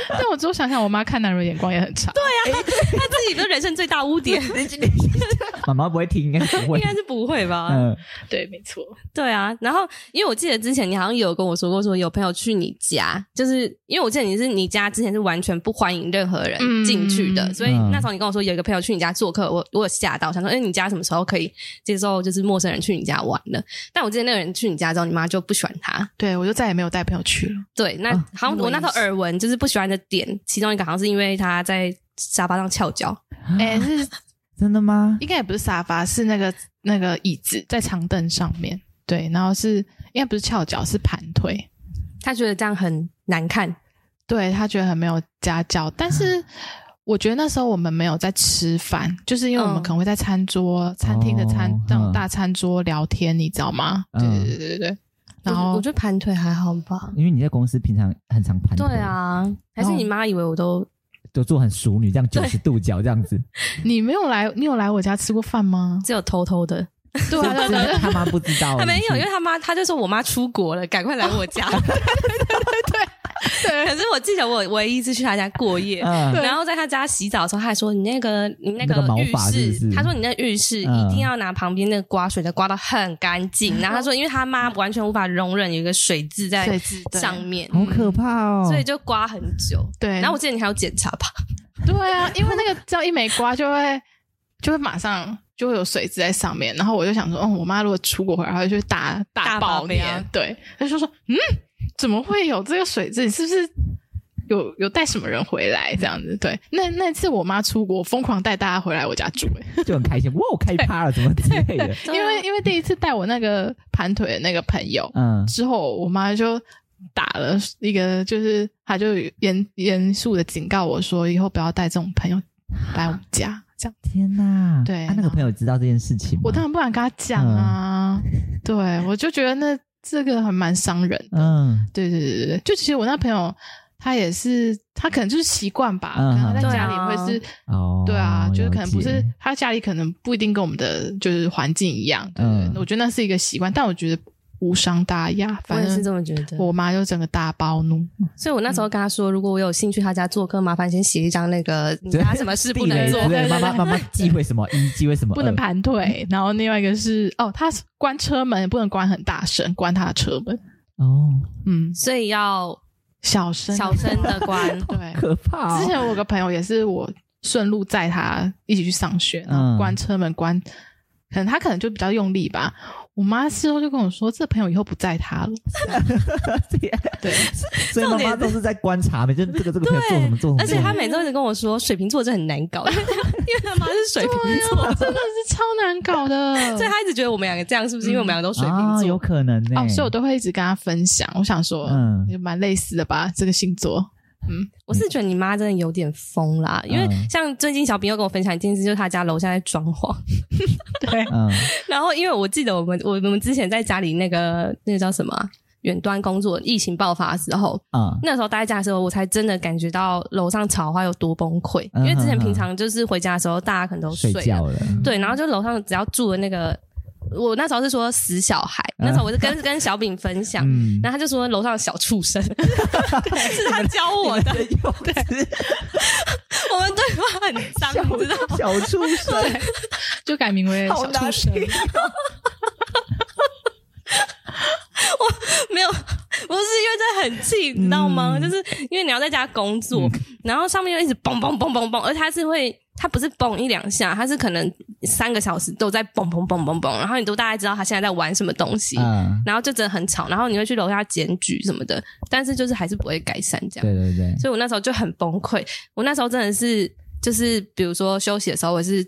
但我之後想想，我媽看男人眼光也很差。對啊，她、欸、自己的人生最大污點。媽 *laughs* 媽 *laughs* 不會聽，應該 *laughs* 是不會吧？ *laughs* 嗯、對，沒錯，對啊。然後因為我記得之前你好像有跟我說過，說有朋友去你家，就是因為我記得你是你家之前是完全不歡迎任何人進去的、嗯，所以那時候你跟我說有一個朋友去你家做客，我我嚇到，想說，哎，你家什麼時候可以接受就是陌生人去你家玩的？但我我記得那個人去你家之後，你媽就不喜歡他。對，我就再也沒有帶朋友去了。對，那、哦、好像我那時候耳聞就是不喜歡的點、呃，其中一個好像是因為他在沙發上翹腳。哎、欸，是真的嗎？應該也不是沙發，是那個那個椅子在長凳上面。對，然後是應該不是翹腳，是盤腿。他覺得這樣很難看。對，他覺得很沒有家教，但是。嗯我覺得那時候我們沒有在吃飯，就是因為我們可能會在餐桌、oh. 餐廳的餐這種大餐桌聊天，你知道嗎？Oh. 對對對對對，然後我，我覺得盤腿還好吧，因為你在公司平常很常盤腿。對啊，還是你媽以為我都都做很淑女這樣九十度角這樣子。 *laughs* 你沒有來，你有來我家吃過飯嗎？只有偷偷的，對，對，對，對， *laughs* 他媽不知道。他沒有，因為他媽，他就說我媽出國了，趕快來我家。對、oh. *laughs* *laughs* 對對對對。 *laughs* 對，可是我記得我唯一一次去他家過夜，嗯，然後在他家洗澡的時候，他還說你那個你那個浴室，那個、是是他說你那個浴室一定要拿旁邊那個刮水的，嗯、刮得很乾淨。然後他說，因為他媽完全無法容忍有一個水漬在上面水漬，好可怕哦！所以就刮很久。對，然後我記得你還要檢查吧？對啊，因為那個只要一沒刮，就會就會馬上就會有水漬在上面。然後我就想說，哦、嗯，我媽如果出國回來，她就去打大寶棉。對，他就說，嗯。怎麼會有這個水漬？是不是有有帶什麼人回來這樣子？對，那那次我媽出國瘋狂帶大家回來我家住，就很開心。哇，我開趴了對。怎麼的？因為因為第一次帶我那個盤腿的那個朋友，嗯，之後我媽就打了一個，就是她就嚴嚴肅的警告我說，以後不要帶這種朋友來我們家。這樣，天哪、啊！對他、啊啊、那個朋友知道這件事情嗎？我當然不敢跟他講啊、嗯。對，我就覺得那。這個還蠻傷人的，嗯，對對對對，就其實我那朋友，他也是，他可能就是習慣吧，嗯，可能在家裡會是，哦，啊，對啊，哦，就是可能不是，他家裡可能不一定跟我們的就是環境一樣，對，對，嗯，我覺得那是一個習慣，但我覺得。無傷大雅，我也是這麼覺得。我媽就整個大暴怒，所以我那時候跟她說：“如果我有興趣，她家做客，麻煩先寫一張那個，她什麼事不能做媽媽？媽媽媽媽忌諱什麼？一忌諱什麼？不能盤腿，然後另外一個是哦，她關車門不能關很大聲，關她的車門。哦、oh，，嗯，所以要小聲小聲的關，對， *laughs* 可怕、哦。之前我有個朋友也是，我順路載她一起去上學，然後關車門關，可能她可能就比較用力吧。”我媽事後就跟我說：“這朋友以後不在他了。” *laughs* yeah, 對，所以媽媽都是在觀察，沒就這個這個朋友做什麼做什麼，而且他每次都一直跟我說，水瓶座真很難搞， *laughs* 因為他媽是水瓶座對、啊，真的是超難搞的。 *laughs* 所以他一直覺得我們兩個這樣是不是、嗯、因為我們兩個都水瓶座？啊，有可能、欸、哦，所以我都會一直跟他分享。我想說，嗯，也蠻類似的吧，這個星座。嗯，我是覺得你媽真的有點瘋啦，嗯，因為像最近小餅又跟我分享一件事，就是他家樓下在裝潢。 *laughs* 對，嗯，然後因為我記得我們我們之前在家裡那個那個叫什麼遠端工作，疫情爆發的時候啊，嗯，那時候待家的時候，我才真的感覺到樓上吵的話有多崩潰，嗯。因為之前平常就是回家的時候，嗯，大家可能都睡，睡覺了。對，然後就樓上只要住的那個。我那時候是說死小孩，那時候我是跟跟小餅分享、嗯，然後他就說樓上小畜生、嗯， *laughs* 是他教我的。們對，我們對話很髒，不知道小畜生就改名為小畜生。喔、 *laughs* 我沒有，不是因為這很氣，你知道嗎、嗯？就是因為你要在家工作，嗯、然後上面又一直嘣嘣嘣嘣嘣，而他是會，他不是嘣一兩下，他是可能。三個小時都在嘣嘣嘣嘣嘣，然後你都大概知道他現在在玩什麼東西，嗯，然後就真的很吵，然後你會去樓下檢舉什麼的，但是就是還是不會改善這樣。對對對，所以我那時候就很崩潰，我那時候真的是就是比如說休息的時候，我是。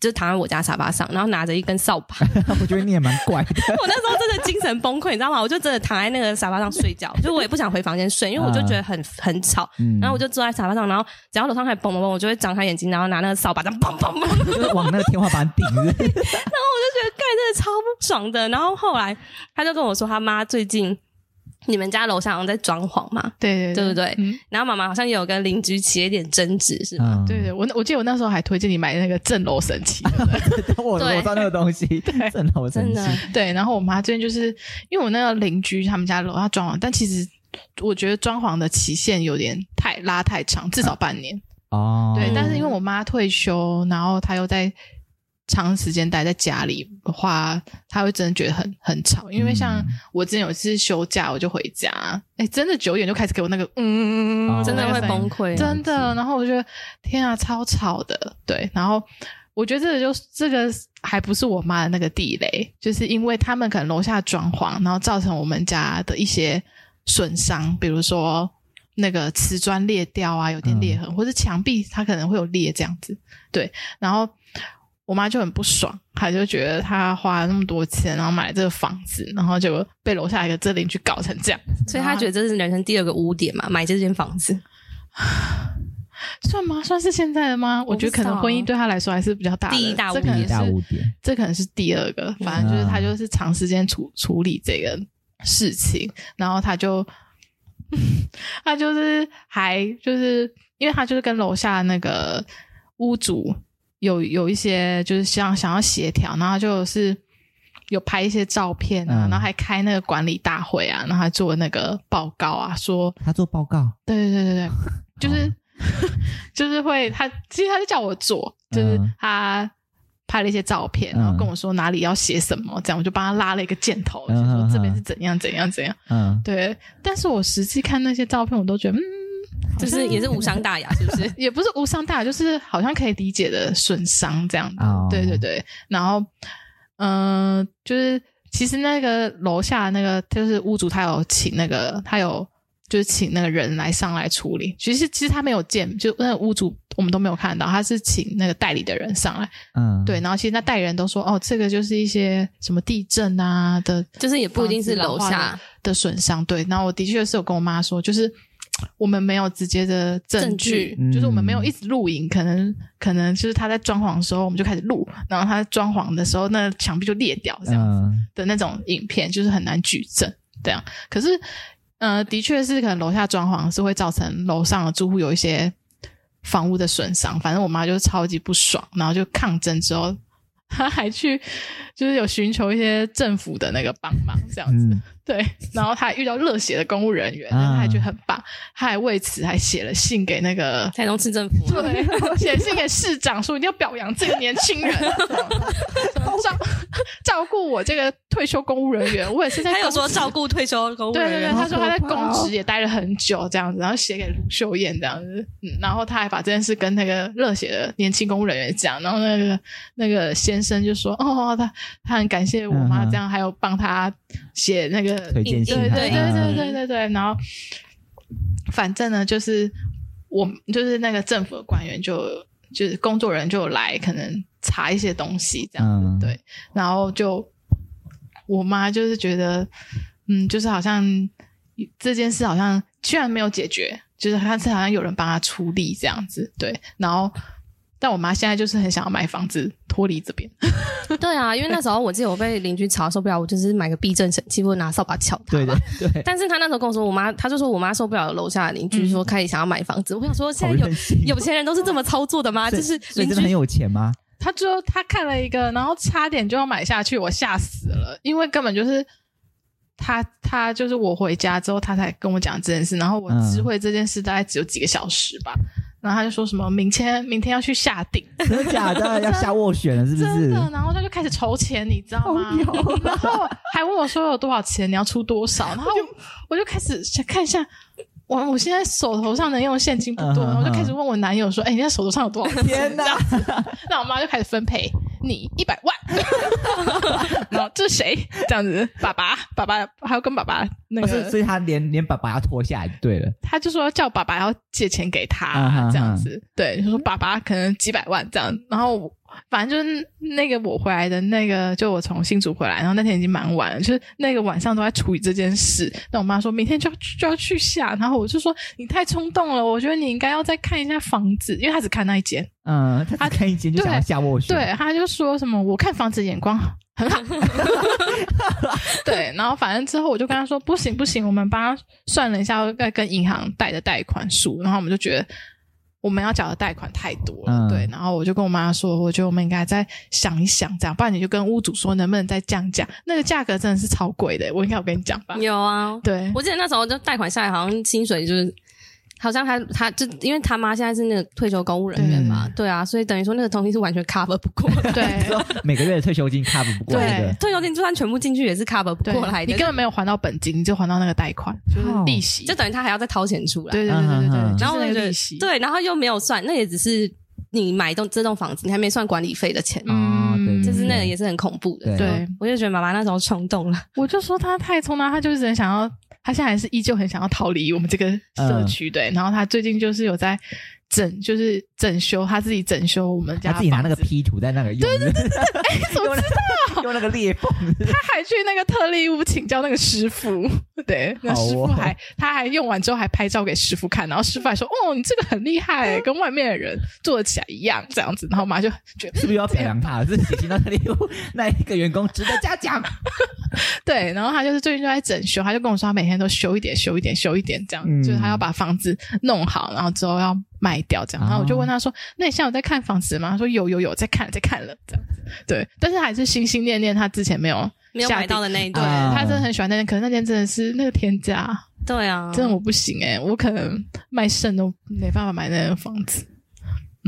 就躺在我家沙發上，然後拿着一根掃把。 *laughs* 我覺得你也蠻怪的。 *laughs* 我那時候真的精神崩潰，你知道嗎？我就真的躺在那個沙發上睡覺， *laughs* 就我也不想回房間睡，因為我就覺得很、呃、很吵、嗯。然後我就坐在沙發上，然後只要樓上開始嘣嘣嘣，我就會睜開眼睛，然後拿那個掃把這樣，當嘣嘣嘣， *laughs* 就是往那個天花板頂。 *laughs* 然後我就覺得蓋真的超不爽的。然後後來他就跟我說，他媽最近。你們家樓上好像在裝潢嘛？對對對，對不對？嗯、然後媽媽好像有跟鄰居起了一點爭執，是嗎？嗯、對對，我我記得我那時候還推薦你買那個震樓神器 *laughs* 我知道那個東西，震樓神器。真的對，然後我媽最近就是因為我那個鄰居他們家樓下裝潢，但其實我覺得裝潢的期限有點太拉太長，至少半年，啊。哦，對，但是因為我媽退休，然後她又在。長時間待在家裡的話，話他會真的覺得很很吵，因為像我之前有一次休假，我就回家，哎、嗯欸，真的九點就開始給我那個，嗯嗯嗯嗯真的、哦、真的會崩潰、啊，真的。然後我覺得天啊，超吵的，對。然後我覺得這個就是、這個還不是我媽的那個地雷，就是因為他們可能樓下裝潢，然後造成我們家的一些損傷，比如說那個瓷磚裂掉啊，有點裂痕，嗯、或是牆壁它可能會有裂這樣子，對。然後。我媽就很不爽，她就覺得她花了那麼多錢，然後買了這個房子，然後就被樓下一個這鄰居搞成這樣，所以她，她覺得這是人生第二個污點嘛，買這間房子算嗎？算是現在的嗎？我覺得可能婚姻對她來說還是比較大的，第一大污點，這可能是第二個，反正就是她就是長時間處、啊、處理這個事情，然後她就 *laughs* 她就是還就是因為她就是跟樓下的那個屋主。有有一些就是想想要協調，然後就是有拍一些照片啊、嗯，然後還開那個管理大會啊，然後還做那個報告啊，說他做報告，對對對對對，就是、啊、 *laughs* 就是會他其實他就叫我做，就是他拍了一些照片，然後跟我說哪裡要寫什麼、嗯，這樣我就幫他拉了一個箭頭，就、嗯嗯嗯、說這邊是怎樣怎樣怎樣，嗯，對，但是我實際看那些照片，我都覺得嗯。就是也是無傷大雅，是不是？ *laughs* 也不是無傷大雅，就是好像可以理解的損傷這樣子。Oh. 對對對。然後，嗯，就是其實那個樓下那個就是屋主，他有請那個他有就是請那個人來上來處理。其實其實他沒有見，就那個屋主我們都沒有看到，他是請那個代理的人上來。嗯、oh.，對。然後其實那代理人都說，哦，這個就是一些什麼地震啊的,的,的，就是也不一定是樓下的損傷。對。然後我的確是有跟我媽說，就是。我們沒有直接的證據，證據，就是我們沒有一直錄影、嗯，可能可能就是他在裝潢的時候，我們就開始錄，然後他裝潢的時候，那牆壁就裂掉這樣子的那種影片，嗯、就是很難舉證這樣。可是，呃，的確是可能樓下裝潢是會造成樓上的住戶有一些房屋的損傷，反正我媽就超級不爽，然後就抗爭之後，她還去就是有尋求一些政府的那個幫忙這樣子。嗯對，然後他還遇到熱血的公務人員，嗯、他還覺得很棒，他還為此還寫了信給那個台中市政府，對，寫了信給市長說一定要表揚這個年輕人， *laughs* 照照顧我這個退休公務人員，我也是在他有說照顧退休公務人員，對對,對,對，他說他在公職也待了很久這樣子，然後寫給盧秀燕這樣子，嗯，然後他還把這件事跟那個熱血的年輕公務人員講，然後那個那個先生就說，哦，哦他他很感謝我媽這樣，嗯、還有幫他。寫那個，推薦信，對對對對對對對，嗯、然後反正呢，就是我就是那個政府的官員就，就就是工作人就來，可能查一些東西這樣子，對，嗯、然後就我媽就是覺得，嗯，就是好像這件事好像居然沒有解決，就是他是好像有人幫他出力這樣子，對，然後。但我媽現在就是很想要買房子，脫離這邊。 *laughs* 對啊，因為那時候我記得我被鄰居吵受不了， *laughs* 我就是買個避震神器，或拿掃把敲他。對對對。但是他那時候跟我說，我媽，他就說我媽受不了樓下的鄰居說，嗯，開始想要買房子。我想說，現在有有錢人都是這麼操作的嗎？ *laughs* 就是所以鄰居所以真的很有錢嗎？他就，他看了一個，然後差點就要買下去，我嚇死了，因為根本就是。他他就是我回家之後，他才跟我講這件事。然後我知會這件事大概只有幾個小時吧。嗯、然後他就說什麼明天明天要去下定， *laughs* 真的假的，要下斡旋了是不是？ *laughs* 真的。然後他就開始籌錢，你知道嗎？ *laughs* 然後還問我說有多少錢，你要出多少？然後我就， *laughs* 我就開始想看一下，我我現在手頭上能用現金不多，然後我就開始問我男友說，哎、嗯欸，你現在手頭上有多少錢？天哪！那 *laughs* *laughs* 我媽就開始分配。你一百萬 *laughs* *laughs* 然後這是誰？這樣子，爸爸，爸爸還要跟爸爸，那個、哦。所以他連連爸爸要脫下來，對了，他就說要叫爸爸要借錢給他，這樣子、啊哈哈，對，就說爸爸可能幾百萬這樣然後。反正就是那個我回來的那個，就我從新竹回來，然後那天已經蠻晚了，就是那個晚上都在處理這件事。那我媽說，明天就要就要去下，然後我就說你太衝動了，我覺得你應該要再看一下房子，因為她只看那一間。嗯，她看一間就想要下斡旋，對，她就說什麼我看房子眼光很好， *laughs* 對。然後反正之後我就跟她說不行不行，我們幫她算了一下要跟銀行貸的貸款數，然後我們就覺得。我們要繳的貸款太多了。嗯，對，然後我就跟我媽說，我覺得我們應該再想一想，這樣，不然你就跟屋主說，能不能再降價？那個價格真的是超貴的、欸，我應該有跟你講吧。有啊，對，我記得那時候就貸款下來，好像薪水就是。好像他，他就因為他媽現在是那個退休公務人員嘛，對，對啊，所以等於說那個東西是完全 cover 不過，對， *laughs* 每個月的退休金 cover 不過來的，退休金就算全部進去也是 cover 不過來的，你根本沒有還到本金，就還到那個貸款，就是、利息，oh. 就等於他還要再掏錢出來，對對對對對，uh,-huh -huh. 然後我覺得、就是那個利息，對，然後又沒有算，那也只是你買一棟這棟房子，你還沒算管理費的錢啊、嗯，就是那個也是很恐怖的，對，我就覺得媽媽那時候衝動了，我就說他太衝動了，他就是很想要。他現在還是依舊很想要逃離我們這個社區，嗯、對，然後他最近就是有在。整就是整修，他自己整修我們家，他自己拿那個批土在那個用，對對對，對，哎、欸，怎麼知道 *laughs* 用、那個？用那個裂縫，是是他還去那個特力屋請教那個師傅，對，哦、那師傅還他還用完之後還拍照給師傅看，然後師傅還說，哦，你這個很厲害、哦，跟外面的人做起來一樣這樣子。然後媽就覺得是不是要表揚他了？這是寫信到特力屋那一個員工值得嘉獎。 *laughs* *laughs* 對，然後他就是最近就在整修，他就跟我說，他每天都修一點，修一點，修一點，這樣、嗯、就是他要把房子弄好，然後之後要。賣掉這樣，然後我就問他說：“ oh. 那你現在有在看房子嗎？”他說：“有有有，在看在看了這樣子，對。但是還是心心念念，他之前沒有沒有買到的那一間，oh. 他真的很喜歡那間，可是那間真的是那個天價，對啊，真的我不行哎、欸，我可能賣腎都沒辦法買那間房子。”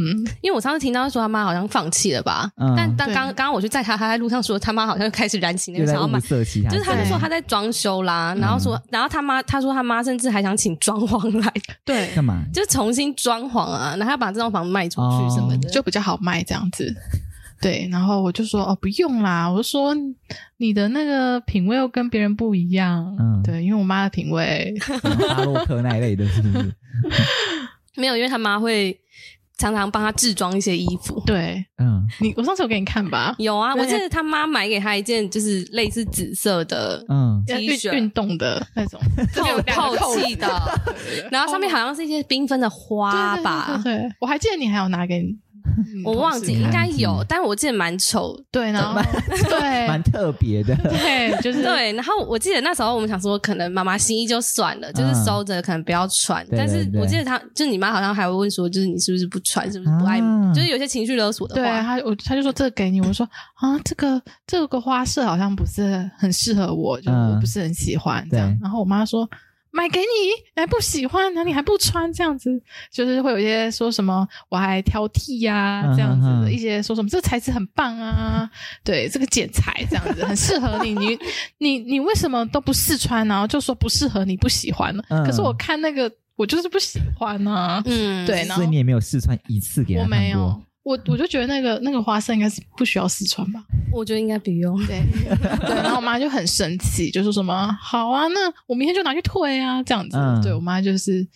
嗯，因為我上次聽到說他媽好像放棄了吧，嗯、但但剛剛剛我去載他，他在路上說他媽好像開始燃起那個想要買，就是他就說他在裝修啦，然後說、嗯、然後他媽他說他媽甚至還想請裝潢來，對，幹嘛？就重新裝潢啊，然後要把這套房子賣出去什麼的，哦，就比較好賣這樣子。對，然後我就說哦不用啦，我就說你的那個品味又跟別人不一樣，嗯，對，因為我媽的品味巴、嗯、洛克那類的是不是？ *laughs* *laughs* *laughs* 沒有，因為他媽會。常常幫他置裝一些衣服，對，嗯，你，我上次我給你看吧？有啊，我記得他媽買給他一件就是類似紫色的，嗯，運動的那種透透氣的，泡泡的泡泡，然後上面好像是一些繽紛的花吧，對，對，對，對，對，我還記得你還有拿給你。我忘記應該有，但我記得蠻醜，對，然後，對，蠻、嗯、 *laughs* 特別的，對，就是對。然後我記得那時候我們想說，可能媽媽心意就算了，嗯、就是收着，可能不要穿。但是我記得她，就是你媽，好像還會問說，就是你是不是不穿、嗯，是不是不愛，就是有些情緒勒索的話。對他，我她就說這個給你。我說啊，這個這個花色好像不是很適合我，就我不是很喜歡、嗯、這樣。然後我媽說，買給你，你還不喜歡，然後你還不穿，這樣子就是會有一些說什麼我還挑剔呀、啊，這樣子、嗯、一些說什麼這個材質很棒啊，對這個剪裁這樣子很適合你， *laughs* 你你你為什麼都不試穿然、啊、後就說不適合你，不喜歡呢、嗯。可是我看那個我就是不喜歡呢、啊，嗯，對，所以你也沒有試穿一次給我。我沒有。我我就覺得那個那個花色應該是不需要試穿吧，我覺得應該不用。對 *laughs* 對，然後我媽就很生氣，就說什麼“好啊，那我明天就拿去退啊，這樣子”嗯。對，我媽就是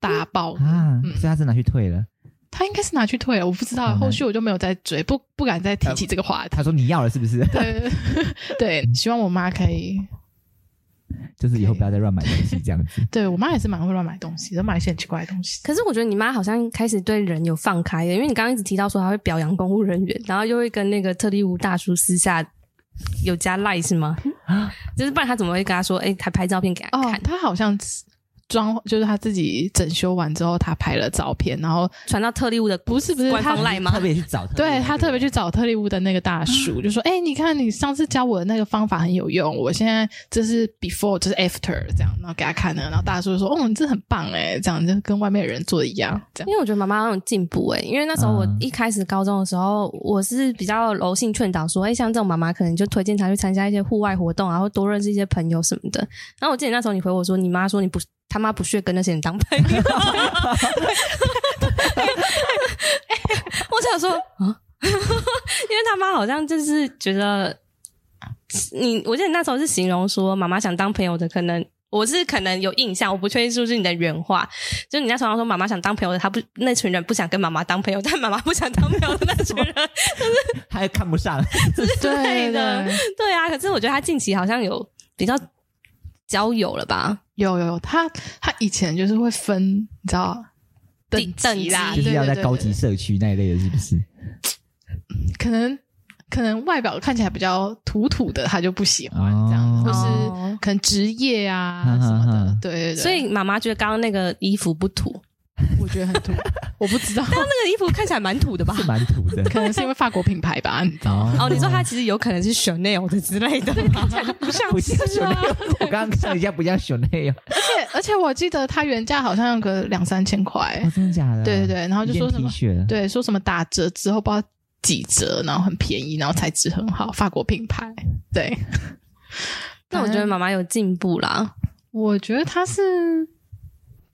大爆、啊，嗯，所以她是拿去退了。她應該是拿去退了，我不知道，後續我就沒有再追，不不敢再提起這個話題。呃、他說你要了是不是？ *laughs* 對、嗯、對，希望我媽可以。就是以後不要再亂買東西這樣子 okay, 對。對我媽也是蠻會亂買東西，都買一些很奇怪的東西。可是我覺得你媽好像開始對人有放開的，因為你剛剛一直提到說她會表揚公務人員，然後又會跟那個特力屋大叔私下有加賴是嗎？ *laughs* 就是不然他怎麼會跟他說？哎、欸，他拍照片給他看，他、哦、好像裝，就是他自己整修完之後，他拍了照片，然後傳到特力屋的，不是不是官方賴嗎？特別去找對，他特別去找特力屋， *laughs* 屋的那個大叔，嗯、就說：“哎、欸，你看你上次教我的那個方法很有用，我現在這是 before，就是 after，這樣，然後給他看了，然後大叔就說：‘哦，你這很棒哎、欸，這樣就跟外面的人做的一樣。’這樣，因為我覺得媽媽很有進步哎、欸，因為那時候我一開始高中的時候，我是比較柔性勸導說：‘哎、欸，像這種媽媽可能就推薦她去參加一些戶外活動，然後多認識一些朋友什麼的。’然後我記得那時候你回我說，你媽說你不是。他媽不屑跟那些人當朋友、 *laughs* *laughs* 欸。我想說啊，因為他媽好像就是覺得，你我記得你那時候是形容說媽媽想當朋友的，可能我是可能有印象，我不確定是不是你的原話，就你那時候說媽媽想當朋友的，他不那群人不想跟媽媽當朋友，但媽媽不想當朋友的那群人，就是他也看不上了。是，對，對的，對啊。可是我覺得他近期好像有比較交友了吧。有有有，他他以前就是會分，你知道，等級啦，就是要在高級社區那一類的，是不是？對對對對，可能可能外表看起來比較土土的，他就不喜歡這樣子，哦、或是可能職業啊什麼的、啊哈哈，對對對。所以媽媽覺得剛剛那個衣服不土。我覺得很土， *laughs* 我不知道。但他那個衣服看起來蠻土的吧？是蠻土的，可能是因為法國品牌吧。哦、 *laughs* oh, oh,，你說他其實有可能是 Chanel 的之類的，就不像。不像 Chanel 我剛剛看了一下，不像 Chanel, 剛剛不像 Chanel。而且而且，我記得他原價好像有個兩三千塊，哦、真的假的、啊？對對對，然後就說什麼？對，說什麼打折之後不知道幾折，然後很便宜，然後材質很好，法國品牌。對。那 *laughs* 我覺得媽媽有進步啦。 *laughs* 我覺得他是。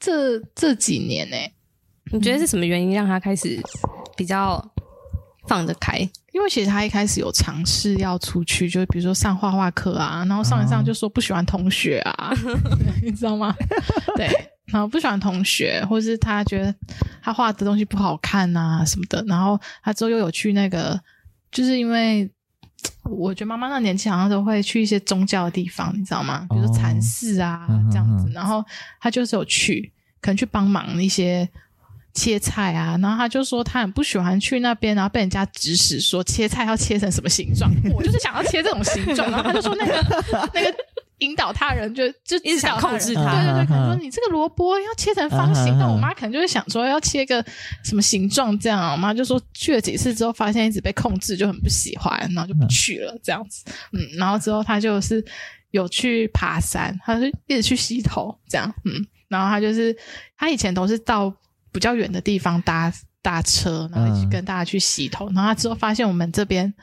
這這幾年呢、欸，你覺得是什麼原因讓他開始比較放得開、嗯？因為其實他一開始有嘗試要出去，就比如說上畫畫課啊，然後上一上就說不喜歡同學啊，Oh. 對，你知道嗎？ *laughs* 對，然後不喜歡同學，或是他覺得他畫的東西不好看啊什麼的，然後他之後又有去那個，就是因為。我覺得媽媽那年紀好像都會去一些宗教的地方，你知道嗎？比如說禪寺啊、哦嗯、這樣子，然後他就是有去，可能去幫忙那些切菜啊，然後他就說他很不喜歡去那邊，然後被人家指使說切菜要切成什麼形狀， *laughs* 我就是想要切這種形狀，然後他就說那個 *laughs* 那個。引導他,導他人，就就一直想控制他。對對對，啊、可能說你這個蘿蔔要切成方形，啊、但我媽可能就會想說要切個什麼形狀這樣、啊。啊、我媽就說去了幾次之後，發現一直被控制，就很不喜歡，然後就不去了這樣子。啊、嗯，然後之後她就是有去爬山，她就一直去洗頭這樣。嗯，然後她就是她以前都是到比較遠的地方搭搭車，然後一直跟大家去洗頭。啊、然後她之後發現我們這邊。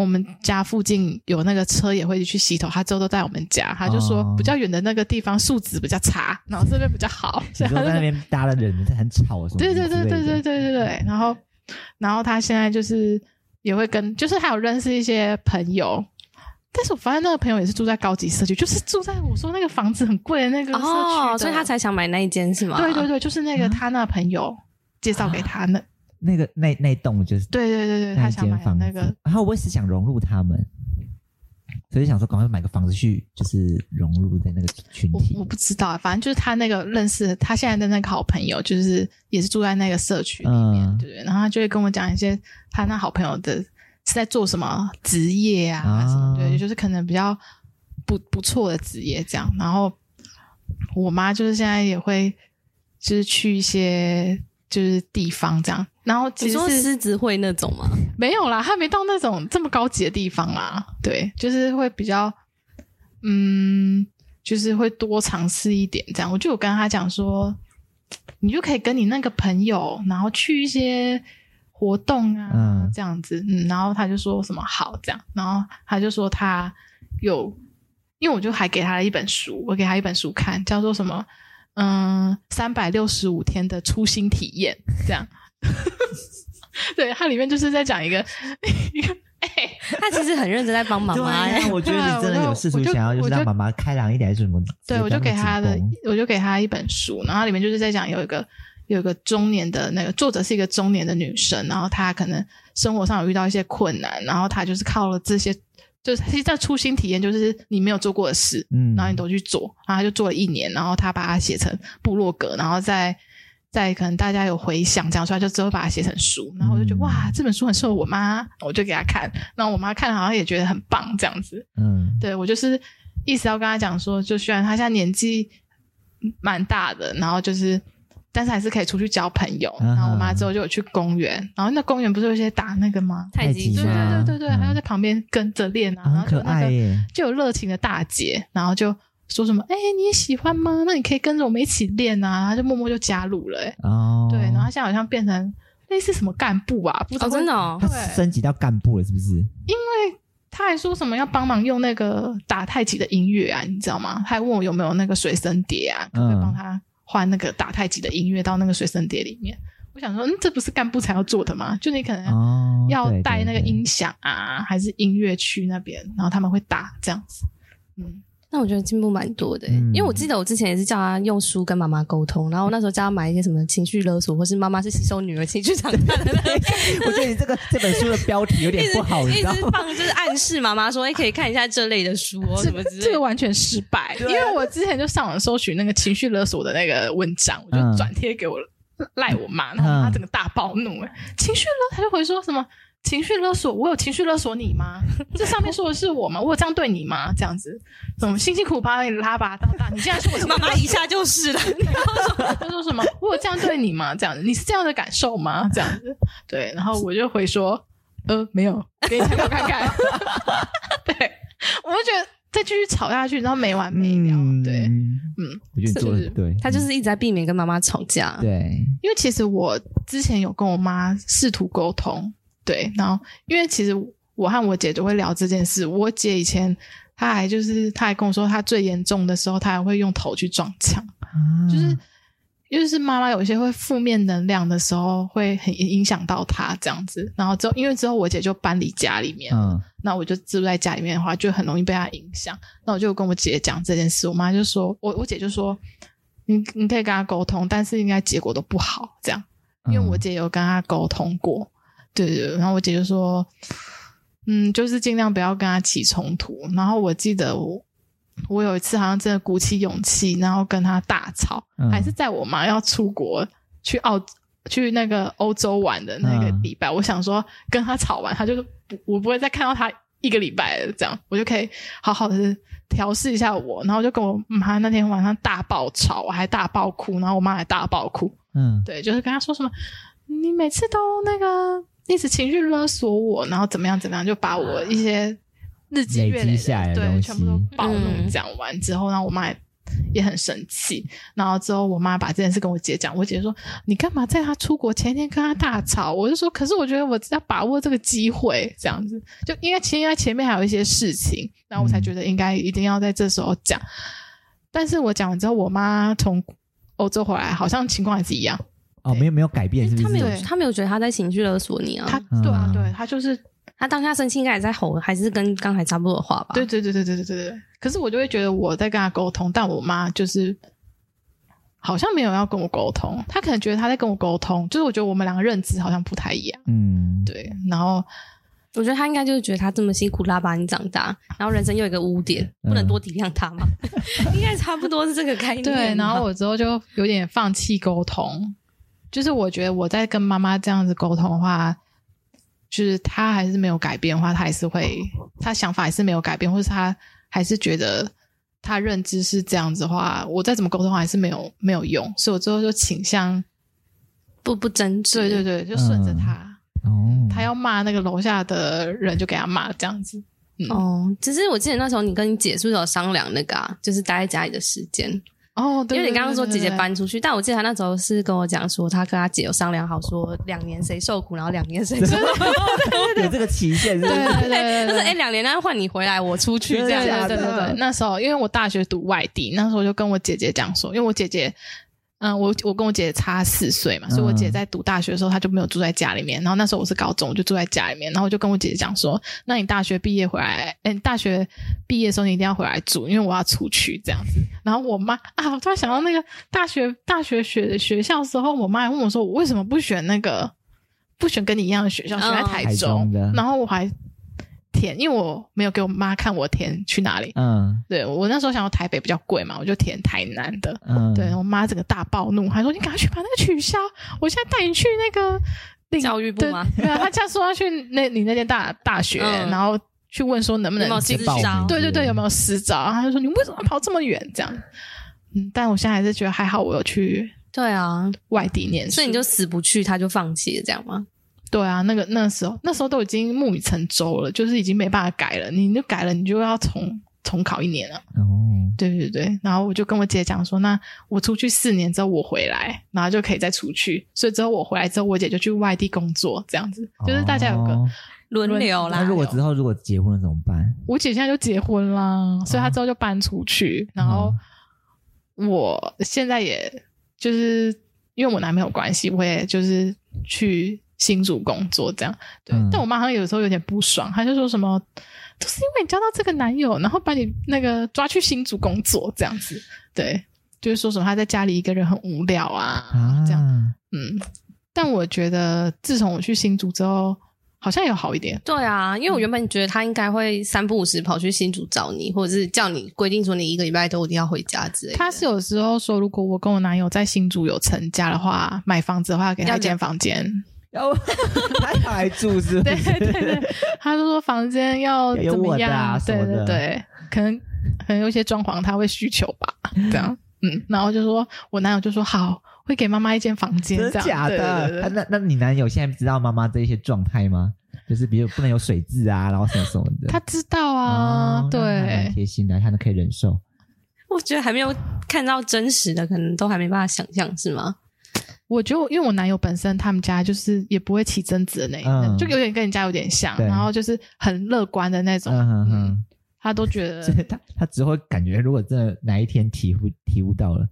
我們家附近有那個車也會去洗頭，他之後都在我們家，他就說比較遠的那個地方素質比較差，然後這邊比較好。嗯、那邊搭的人很吵，對對對對對對對對。然後，然後他現在就是也會跟，就是還有認識一些朋友，但是我發現那個朋友也是住在高級社區，就是住在我說那個房子很貴的那個社區，哦，所以他才想買那一間是嗎？對對對，就是那個他那個朋友介紹給他那個。啊那個那那棟就是對對對對，房子他想買那個，然、啊、後我也是想融入他們，所以想說趕快買個房子去，就是融入在那個群體。我，我不知道，反正就是他那個認識他現在的那個好朋友，就是也是住在那個社區裡面，嗯、對，然後他就會跟我講一些他那好朋友的是在做什麼職業啊，什麼、啊、對，就是可能比較不不錯的職業這樣。然後我媽就是現在也會就是去一些就是地方這樣。然後，你說獅子會那種嗎？沒有啦，還沒到那種這麼高級的地方啦，啊，對，就是會比較，嗯，就是會多嘗試一點這樣。我就有跟他講說，你就可以跟你那個朋友，然後去一些活動啊，這樣子嗯。嗯，然後他就說什麼好這樣，然後他就說他有，因為我就還給他一本書，我給他一本書看，叫做什麼？嗯，三百六十五天的初心體驗這樣。 *laughs* 對，它裡面就是在講一個一個，哎、 *laughs* 欸，他其實很認真在幫媽媽。哎，我覺得你真的有事情想要就是讓媽媽開朗一點還是什麼？對、啊我我，我就給他的，我就給他一本書，然後裡面就是在講有一個有一個中年的那個作者，是一個中年的女生，然後她可能生活上有遇到一些困難，然後她就是靠了這些，就是在初心體驗，就是你沒有做過的事，嗯，然後你都去做，然後她就做了一年，然後她把它寫成部落格，然後在。在可能大家有回想講出來，就之後把它寫成書，然後我就覺得、嗯、哇，這本書很適合我媽，我就給她看。然後我媽看了好像也覺得很棒這樣子。嗯，對，我就是意思要跟她講說，就雖然她現在年紀蠻大的，然後就是，但是還是可以出去交朋友。嗯、然後我媽之後就有去公園，然後那公園不是有些打那個嗎？太極。對對對對對，還、嗯、要在旁邊跟着練啊、那個、啊。很可愛耶，就有熱情的大姐，然後就。說什麼？哎、欸，你也喜歡嗎？那你可以跟着我們一起練啊！他就默默就加入了、欸。哦、oh.，對，然後他現在好像變成類似、欸、什麼幹部啊，不知道、oh, 真的、哦、他升級到幹部了是不是？因為他還說什麼要幫忙用那個打太極的音樂啊，你知道嗎？他還問我有沒有那個隨身碟啊，嗯、可不可以幫他換那個打太極的音樂到那個隨身碟裡面？我想說，嗯，這不是幹部才要做的嗎？就你可能要帶那個音響啊，還是音樂去那邊，然後他們會打這樣子，嗯。那我覺得進步蠻多的、欸，因為我記得我之前也是叫他用書跟媽媽溝通，然後那時候叫他買一些什麼情緒勒索，或是媽媽是吸收女兒情緒長大的那。 *laughs* 我覺得你這個 *laughs* 這本書的標題有點不好意思，一直放就是暗示媽媽說，你可以看一下這類的書、哦、 *laughs* 什麼之類的。這個完全失敗，因為我之前就上網搜尋那個情緒勒索的那個文章，我就轉貼給我賴、嗯、我媽，然後她整個大暴怒、欸嗯，情緒勒，她就會說什麼。情緒勒索，我有情緒勒索你嗎？ *laughs* 這上面說的是我嗎？我有這樣對你嗎？這樣子，怎 *laughs* 麼辛辛苦苦把你拉拔到大，你竟然說我是媽媽一下就是了。他 *laughs* 說，說什麼？ *laughs* 我有這樣對你嗎？這樣子，你是這樣的感受嗎？這樣子，對。然後我就回說，呃、 *laughs* 嗯，沒、嗯、有。給你參考看看。 *laughs* 嗯嗯 *laughs* 嗯、 *laughs* *laughs* 對，我就覺得再繼續吵下去，然後沒完沒了。對，嗯，嗯是不是？對，他就是一直在避免跟媽媽吵架。對，因為其實我之前有跟我媽試圖溝通。對，然後因為其實我和我姐就會聊這件事。我姐以前她還就是，她還跟我說，她最嚴重的時候，她還會用頭去撞牆、嗯，就是因為是媽媽有一些會負面能量的時候，會很影響到她這樣子。然後之後，因為之後我姐就搬離家裡面，那、嗯、我就住在家裡面的話，就很容易被她影響。那我就跟我姐講這件事，我媽就說，我我姐就說，你你可以跟她溝通，但是應該結果都不好，這樣。因為我姐有跟她溝通過。嗯對，對對，然後我姐就說：“嗯，就是盡量不要跟她起衝突。”然後我記得我，我有一次好像真的鼓起勇氣，然後跟她大吵、嗯，還是在我媽要出國去澳去那個歐洲玩的那個禮拜，嗯，我想說跟她吵完，她就是我不會再看到她一個禮拜這樣，我就可以好好的調試一下我。然後就跟我媽那天晚上大爆吵，我還大爆哭，然後我媽還大爆哭。嗯，對，就是跟她說什麼，你每次都那個。一直情緒勒索我，然後怎麼樣怎麼樣，就把我一些日積月累的、啊、累下來的對，全部都暴露講完之後，然後我媽也也很生氣。然後之後，我媽把這件事跟我姐講，我姐說：“你幹嘛在她出國前一天跟她大吵？”我就說：“可是我覺得我只要把握這個機會，這樣子就應該其實應該前面還有一些事情，然後我才覺得應該一定要在這時候講。嗯”但是我講完之後，我媽從歐洲回來，好像情況還是一樣。哦，沒有沒有改變，欸、是是他沒有他沒有覺得他在情緒勒索你啊？他、嗯、對啊，對他就是他當下生氣應該也在吼，還是跟剛才差不多的話吧？對對對對對對對。可是我就會覺得我在跟他溝通，但我媽就是好像沒有要跟我溝通，她可能覺得她在跟我溝通，就是我覺得我們兩個認知好像不太一樣。嗯，對。然後我覺得他應該就是覺得他這麼辛苦拉拔你長大，然後人生又有一個污點，不能多體諒他嗎？嗯、 *laughs* 應該差不多是這個概念。 *laughs* 對，然後我之後就有點放棄溝通。就是我覺得我在跟媽媽這樣子溝通的話，就是她還是沒有改變的話，她還是會，她想法還是沒有改變，或是她還是覺得她認知是這樣子的話，我再怎麼溝通的話還是沒有沒有用，所以我最後就傾向不不爭執。對對對，就順着她。哦、嗯，他要罵那個樓下的人就給他罵這樣子。嗯、哦，其實我記得那時候你跟你姐是不是有商量那個啊？就是待在家裡的時間。哦、oh, 對對對對對對對對，因為你剛剛說姐姐搬出去，但我記得他那時候是跟我講說，他跟他姐有商量好說，說兩年誰受苦，然後兩年誰吃苦。 *laughs* 有這個期限。是不是？ *laughs* 對，對，對，對對對，他說，哎，兩年，那換你回來，我出去 *laughs* 這樣，對對對，對，對對對，那時候因為我大學讀外地，那時候我就跟我姐姐講說，因為我姐姐。嗯，我我跟我姐姐差四歲嘛，所以我姐，姐在讀大學的時候、嗯，她就沒有住在家裡面。然後那時候我是高中，我就住在家裡面。然後我就跟我姐姐講說：“那你大學畢業回來，欸、你大學畢業的時候你一定要回來住，因為我要出去這樣子。 *laughs* ”然後我媽啊，突然想到那個大學大學學的學校的時候，我媽還問我說：“我為什麼不選那個？不選跟你一樣的學校，選在台中？”哦、然後我還填，因為我沒有給我媽看我填去哪裡。嗯，對，我那時候想到台北比較貴嘛，我就填台南的。嗯，對，我媽整個大暴怒，還說：“你趕快去把那個取消，我現在帶你去那個教育部嗎？”對、對啊，她這樣說要去那你那間大大學、嗯，然後去問說能不能進招？對對對，有沒有實早，然後他就說：“你為什麼要跑這麼遠？”這樣，嗯，但我現在還是覺得還好，我有去對啊外地念書、啊，所以你就死不去，他就放棄了這樣嗎？對啊，那個那時候那時候都已經木已成舟了，就是已經沒辦法改了。你就改了，你就要重重考一年了。哦，對對對。然後我就跟我姐講說，那我出去四年之後我回來，然後就可以再出去。所以之後我回來之後，我姐就去外地工作，這樣子就是大家有個輪流啦、哦。那如果之後如果結婚了怎麼辦？我姐現在就結婚啦、哦，所以她之後就搬出去。然後我現在也就是因為我男朋友有關係，我也就是去。新竹工作這樣，對，嗯、但我媽好像有時候有點不爽，她就說什麼，都、就是因為你交到這個男友，然後把你那個抓去新竹工作這樣子，對，就是說什麼她在家裡一個人很無聊啊，啊這樣，嗯，但我覺得自從我去新竹之後，好像有好一點，對啊，因為我原本覺得她應該會三不五時跑去新竹找你，或者是叫你規定說你一個禮拜都一定要回家之類的，她是有時候說如果我跟我男友在新竹有成家的話，買房子的話給他一間房間。要哦， *laughs* 他還，還住是，不是？對對對，他就說房間要怎麼樣？啊、對對對，可能可能有些裝潢他會需求吧，這樣，嗯。然後就說，我男友就說好，會給媽媽一間房間。真的假的？對對對對，那那你男友現在知道媽媽這一些狀態嗎？就是比如不能有水漬啊，然後什麼什麼的。他知道啊，哦、對，很貼心的，他都可以忍受。我覺得還沒有看到真實的，可能都還沒辦法想象是嗎？我覺得，因為我男友本身，他們家就是也不會起爭執的那一、嗯、就有點跟人家有點像，然後就是很樂觀的那種、嗯嗯嗯，他都覺得， *laughs* 他他只會感覺，如果真的哪一天體悟體悟到了。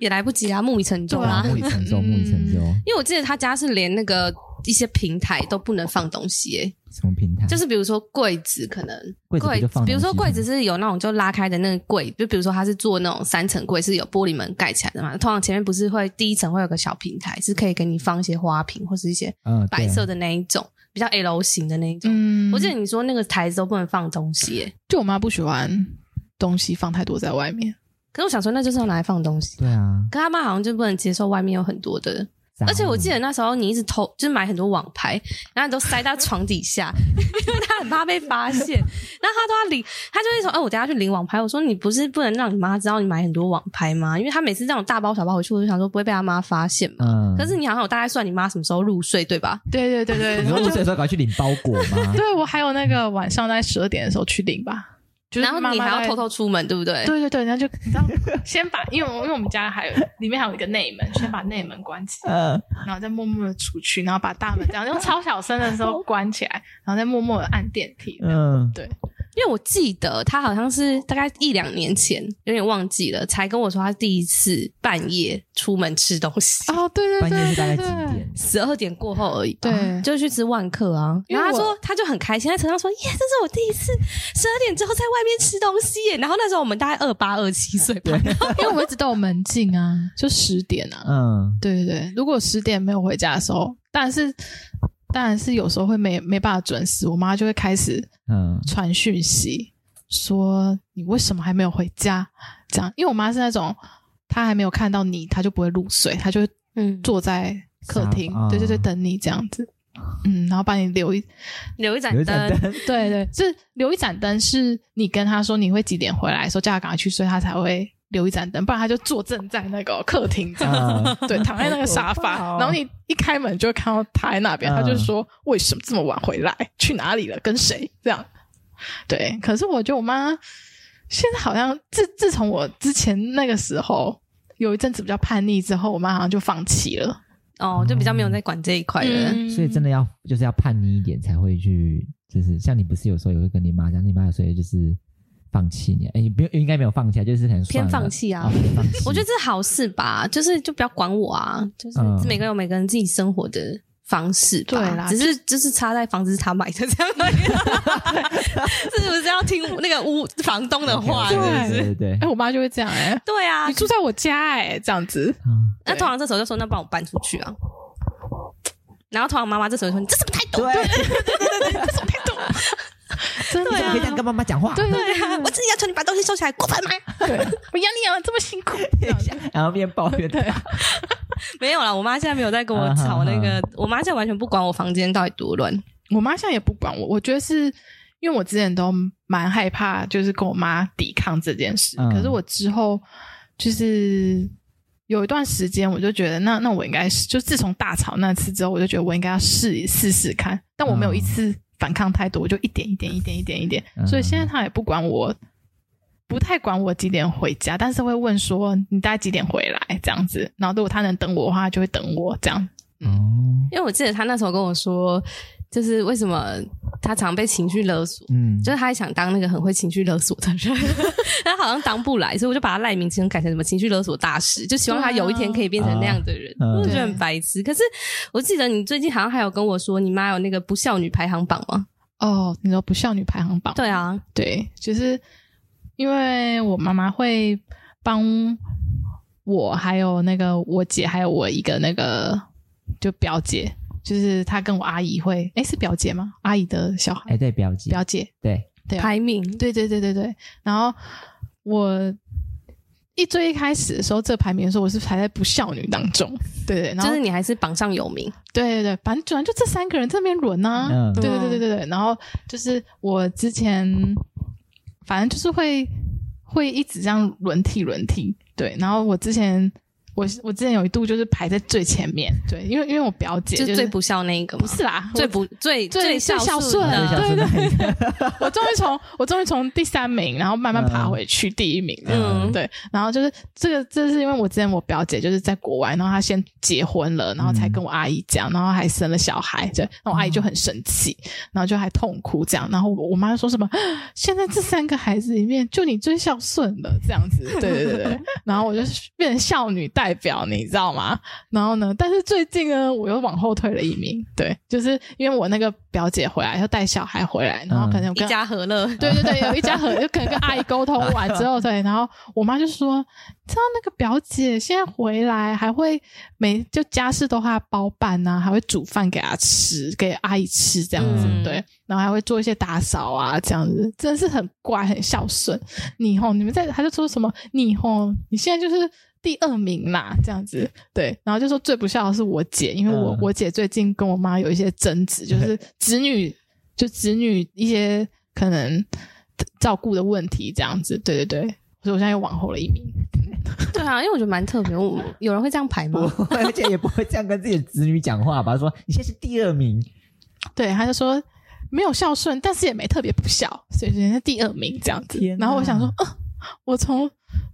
也來不及啊，木已成舟啊，木已成舟，木已成舟。因為我記得他家是連那個一些平台都不能放東西誒、欸。什麼平台？就是比如說櫃子，可能櫃，比如說櫃子是有那種就拉開的那個櫃，就比如說他是做那種三層櫃，是有玻璃門蓋起來的嘛。通常前面不是會第一層會有個小平台，是可以給你放一些花瓶或是一些白色的那一種、嗯啊、比較 L 型的那一種、嗯。我記得你說那個台子都不能放東西誒、欸，就我媽不喜歡東西放太多在外面。可是我想說，那就是要拿來放東西。對啊，可他媽好像就不能接受外面有很多的。而且我記得那時候你一直偷，就是買很多網拍，然後你都塞到床底下， *laughs* 因為他很怕被發現。 *laughs* 然後他都要領，他就會說：“哎、欸，我等下去領網拍。”我說：“你不是不能讓你媽知道你買很多網拍嗎？”因為他每次這樣大包小包回去，我就想說不會被他媽發現嘛、嗯。可是你好像有大概算你媽什麼時候入睡對吧？對對對對，對，你媽入睡的時候趕快去領包裹嘛。 *laughs* 對，我還有那個晚上在十二點的時候去領吧。然後你還要偷偷出門，對不對？對對對，然後就這樣，你知道 *laughs* 先把因為因為我們家還有裡面還有一個內門，先把內門關起來，嗯，然後再默默的出去，然後把大門這樣用超小聲的時候關起來，嗯，然後再默默的按電梯，嗯，對。因為我記得他好像是大概一兩年前，有點忘記了，才跟我說他第一次半夜出門吃東西啊、哦，對對對，半夜是大概幾點？十二點過後而已，對，啊、就去吃萬客啊因為。然後他說他就很開心，在車上說：“耶，這是我第一次十二點之後在外面吃東西耶。”然後那時候我們大概二八二七歲吧， *laughs* 因為我們一直都有門禁啊，就十點啊，嗯，對對對，如果十點沒有回家的時候，嗯、但是。當然是有時候會沒沒辦法準時，我媽就會開始嗯傳訊息說你為什麼還沒有回家？這樣，因為我媽是那種她還沒有看到你，她就不會入睡，她就坐在客廳、嗯，對對對，等你這樣子嗯，嗯，然後把你留一留一盞燈， *laughs* 對，對對，是留一盞燈，是你跟她說你會幾點回來，說叫她趕快去睡，她才會。留一盞燈，不然他就坐正，在那個客廳，這樣、嗯、對，躺在那個沙發，哦、然後你一開門就會看到他在那邊。他、嗯、就說：“為什麼這麼晚回來？去哪裡了？跟誰？”這樣對。可是我覺得我媽現在好像自自從我之前那個時候有一陣子比較叛逆之後，我媽好像就放棄了哦，就比較沒有在管這一塊了、嗯。所以真的要就是要叛逆一點才會去，就是像你不是有時候也會跟你媽講，你媽有時候就是。放棄你、啊？哎、欸，也不應該沒有放棄、啊，就是很偏放棄啊。啊 *laughs* 我覺得這是好事吧，就是就不要管我啊，就是每個人有每個人自己生活的方式吧、嗯。對啦、啊，只是就是差在房子是他買的這樣子、啊， *laughs* 是不是要聽那個屋房東的話？Okay, 是對對對。哎、欸，我媽就會這樣哎、欸。對啊，你住在我家哎、欸，這樣子。嗯、那通常這時候就說，那幫我搬出去啊。然後通常媽媽這時候就說：“你這什麼態度？”對對對對對， *laughs* 這什麼態度？真的、啊，你可以這樣跟媽媽講話？對、啊、對、啊、我真的要求你把東西收起來，過分嗎？啊、 *laughs* 我養你養、啊、了這麼辛苦。 *laughs* 然後變抱怨她對， *laughs* 沒有啦。我媽現在沒有在跟我吵那個， *laughs* 我媽現在完全不管我房間到底多亂。我媽現在也不管我。我覺得是因為我之前都蠻害怕，就是跟我媽抵抗這件事。嗯、可是我之後就是有一段時間，我就覺得那那我應該是就自從大吵那次之後，我就覺得我應該要試一試試看，但我沒有一次。反抗太多，我就一點一點一點一點一點、嗯，所以現在他也不管我，不太管我幾點回家，但是會問說，你大概幾點回來這樣子，然後如果他能等我的話，他就會等我這樣、嗯。因為我記得他那時候跟我說。就是為什麼他常被情緒勒索，嗯，就是他也想當那個很會情緒勒索的人，嗯、 *laughs* 他好像當不來，所以我就把他賴名稱改成什麼情緒勒索大師，就希望他有一天可以變成那樣的人，我覺得很白痴。可是我記得你最近好像還有跟我說，你媽有那個不孝女排行榜嗎？哦，你說不孝女排行榜？對啊，對，就是因為我媽媽會幫我，還有那個我姐，還有我一個那個就表姐。就是他跟我阿姨會，哎，是表姐嗎？阿姨的小孩，哎、欸，對，表姐，表姐，對，對、啊，排名，對，對，對，對，對。然後我一最一開始的時候，這排名的時候，我是排在不孝女當中，對對，對，就是你還是榜上有名，對對對，反正主要就這三個人這邊輪啊。對、嗯、對對對對對。然後就是我之前，反正就是會會一直這樣輪替輪替，對。然後我之前。我我之前有一度就是排在最前面，對，因為因為我表姐就是就最不孝那一個，不是啦，最不最最,最孝順的，孝順的對對對 *laughs* 我終於從我終於從第三名，然後慢慢爬回去第一名，嗯，對，然後就是這個，這是因為我之前我表姐就是在國外，然後她先結婚了，然後才跟我阿姨講，嗯、然後還生了小孩，對，然後我阿姨就很生氣、嗯，然後就還痛哭這樣，然後我,我媽說什麼，現在這三個孩子裡面就你最孝順了，這樣子，對對對,對， *laughs* 然後我就變成孝女帶。代表你知道嗎？然後呢，但是最近呢，我又往後退了一名。對，就是因為我那個表姐回來，她帶小孩回來，嗯、然後可能有跟一家和樂。對對對，有一家和樂， *laughs* 有可能跟阿姨溝通完之後，對，然後我媽就說：“知道那個表姐現在回來，還會每就家事都她包辦啊，還會煮飯給她吃，給阿姨吃這樣子，嗯、對，然後還會做一些打掃啊，這樣子，真的是很乖，很孝順。”你吼，你們在她就說什麼？你吼，你現在就是。第二名嘛，這樣子，對，然後就說最不孝的是我姐，因為我、嗯、我姐最近跟我媽有一些爭執，就是子女就子女一些可能照顧的問題這樣子，對對對，所以我現在又往後了一名。對啊， *laughs* 因為我覺得蠻特別，我有人會這樣排嗎我？而且也不會這樣跟自己的子女講話吧？ *laughs* 說你現在是第二名，對，他就說沒有孝順，但是也沒特別不孝，所以人家第二名這樣子。啊、然後我想說，嗯、呃。我從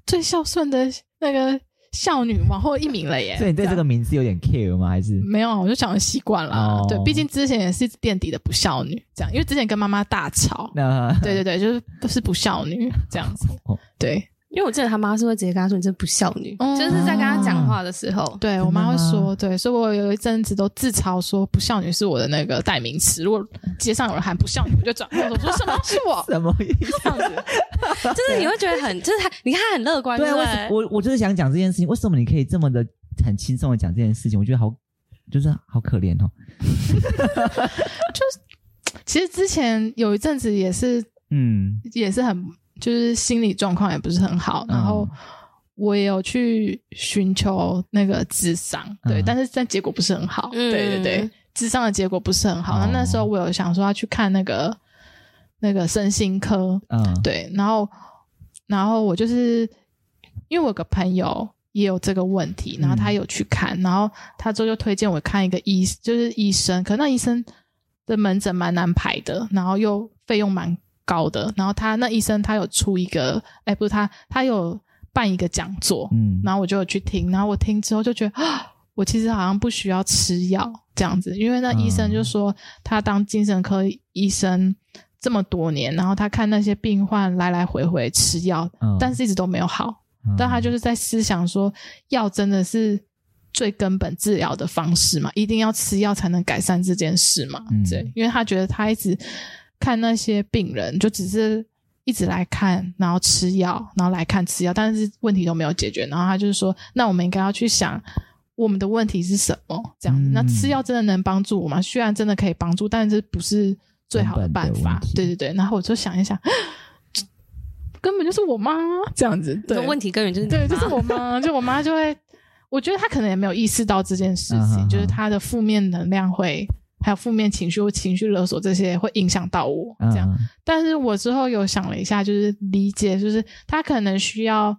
最孝順的那個孝女往後一名了耶！ *laughs* 所以你對這個名字有點 care 嗎？還是沒有啊？我就想習慣了。Oh. 對，畢竟之前也是一直墊底的不孝女這樣，因為之前跟媽媽大吵。 *laughs* 對對對，就是不是不孝女這樣子。 *laughs* 對。因為我記得他媽是會直接跟他說：“你這不孝女。嗯”就是在跟他講話的時候，啊、對我媽會說：“對。”所以我有一陣子都自嘲說：“不孝女是我的那個代名詞。”如果街上有人喊“不孝女我”，我就轉過頭說：“什麼 *laughs* 是我？什麼意思？這樣子？”就是你會覺得很，就是他，你看他很樂觀。對，對我我就是想講這件事情，為什麼你可以這麼的很輕鬆的講這件事情？我覺得好，就是好可憐哦。 *laughs* *laughs* 就是其實之前有一陣子也是，嗯，也是很。就是心理狀況也不是很好，嗯、然後我也有去尋求那個諮商，嗯、對，但是但結果不是很好，嗯，對對對，諮商的結果不是很好。那、嗯、那時候我有想說要去看那個那個身心科，嗯，對，然後然後我就是因為我有個朋友也有這個問題，然後他有去看，嗯、然後他之後就推薦我看一個醫，就是醫生，可那醫生的門診蠻難排的，然後又費用蠻。高的，然後他那醫生他有出一個，哎、欸，不是他，他有辦一個講座，嗯，然後我就有去聽，然後我聽之後就覺得，啊，我其實好像不需要吃藥這樣子，因為那醫生就說、哦、他當精神科醫生這麼多年，然後他看那些病患來來回回吃藥，哦、但是一直都沒有好、哦，但他就是在思想說，藥真的是最根本治療的方式嘛，一定要吃藥才能改善這件事嘛，嗯、對，因為他覺得他一直。看那些病人，就只是一直來看，然後吃藥，然後來看吃藥，但是問題都沒有解決。然後他就是說：“那我們應該要去想，我們的問題是什麼？這樣子、嗯，那吃藥真的能幫助我嗎？雖然真的可以幫助，但是不是最好的辦法。”對對對，然後我就想一想，啊、根本就是我媽這樣子。對，問題根本就是對，就是我媽。就我媽就會， *laughs* 我覺得她可能也沒有意識到這件事情，啊、呵呵就是她的負面能量會。還有負面情緒或情緒勒索這些會影響到我，這樣、啊。但是我之後有想了一下，就是理解，就是他可能需要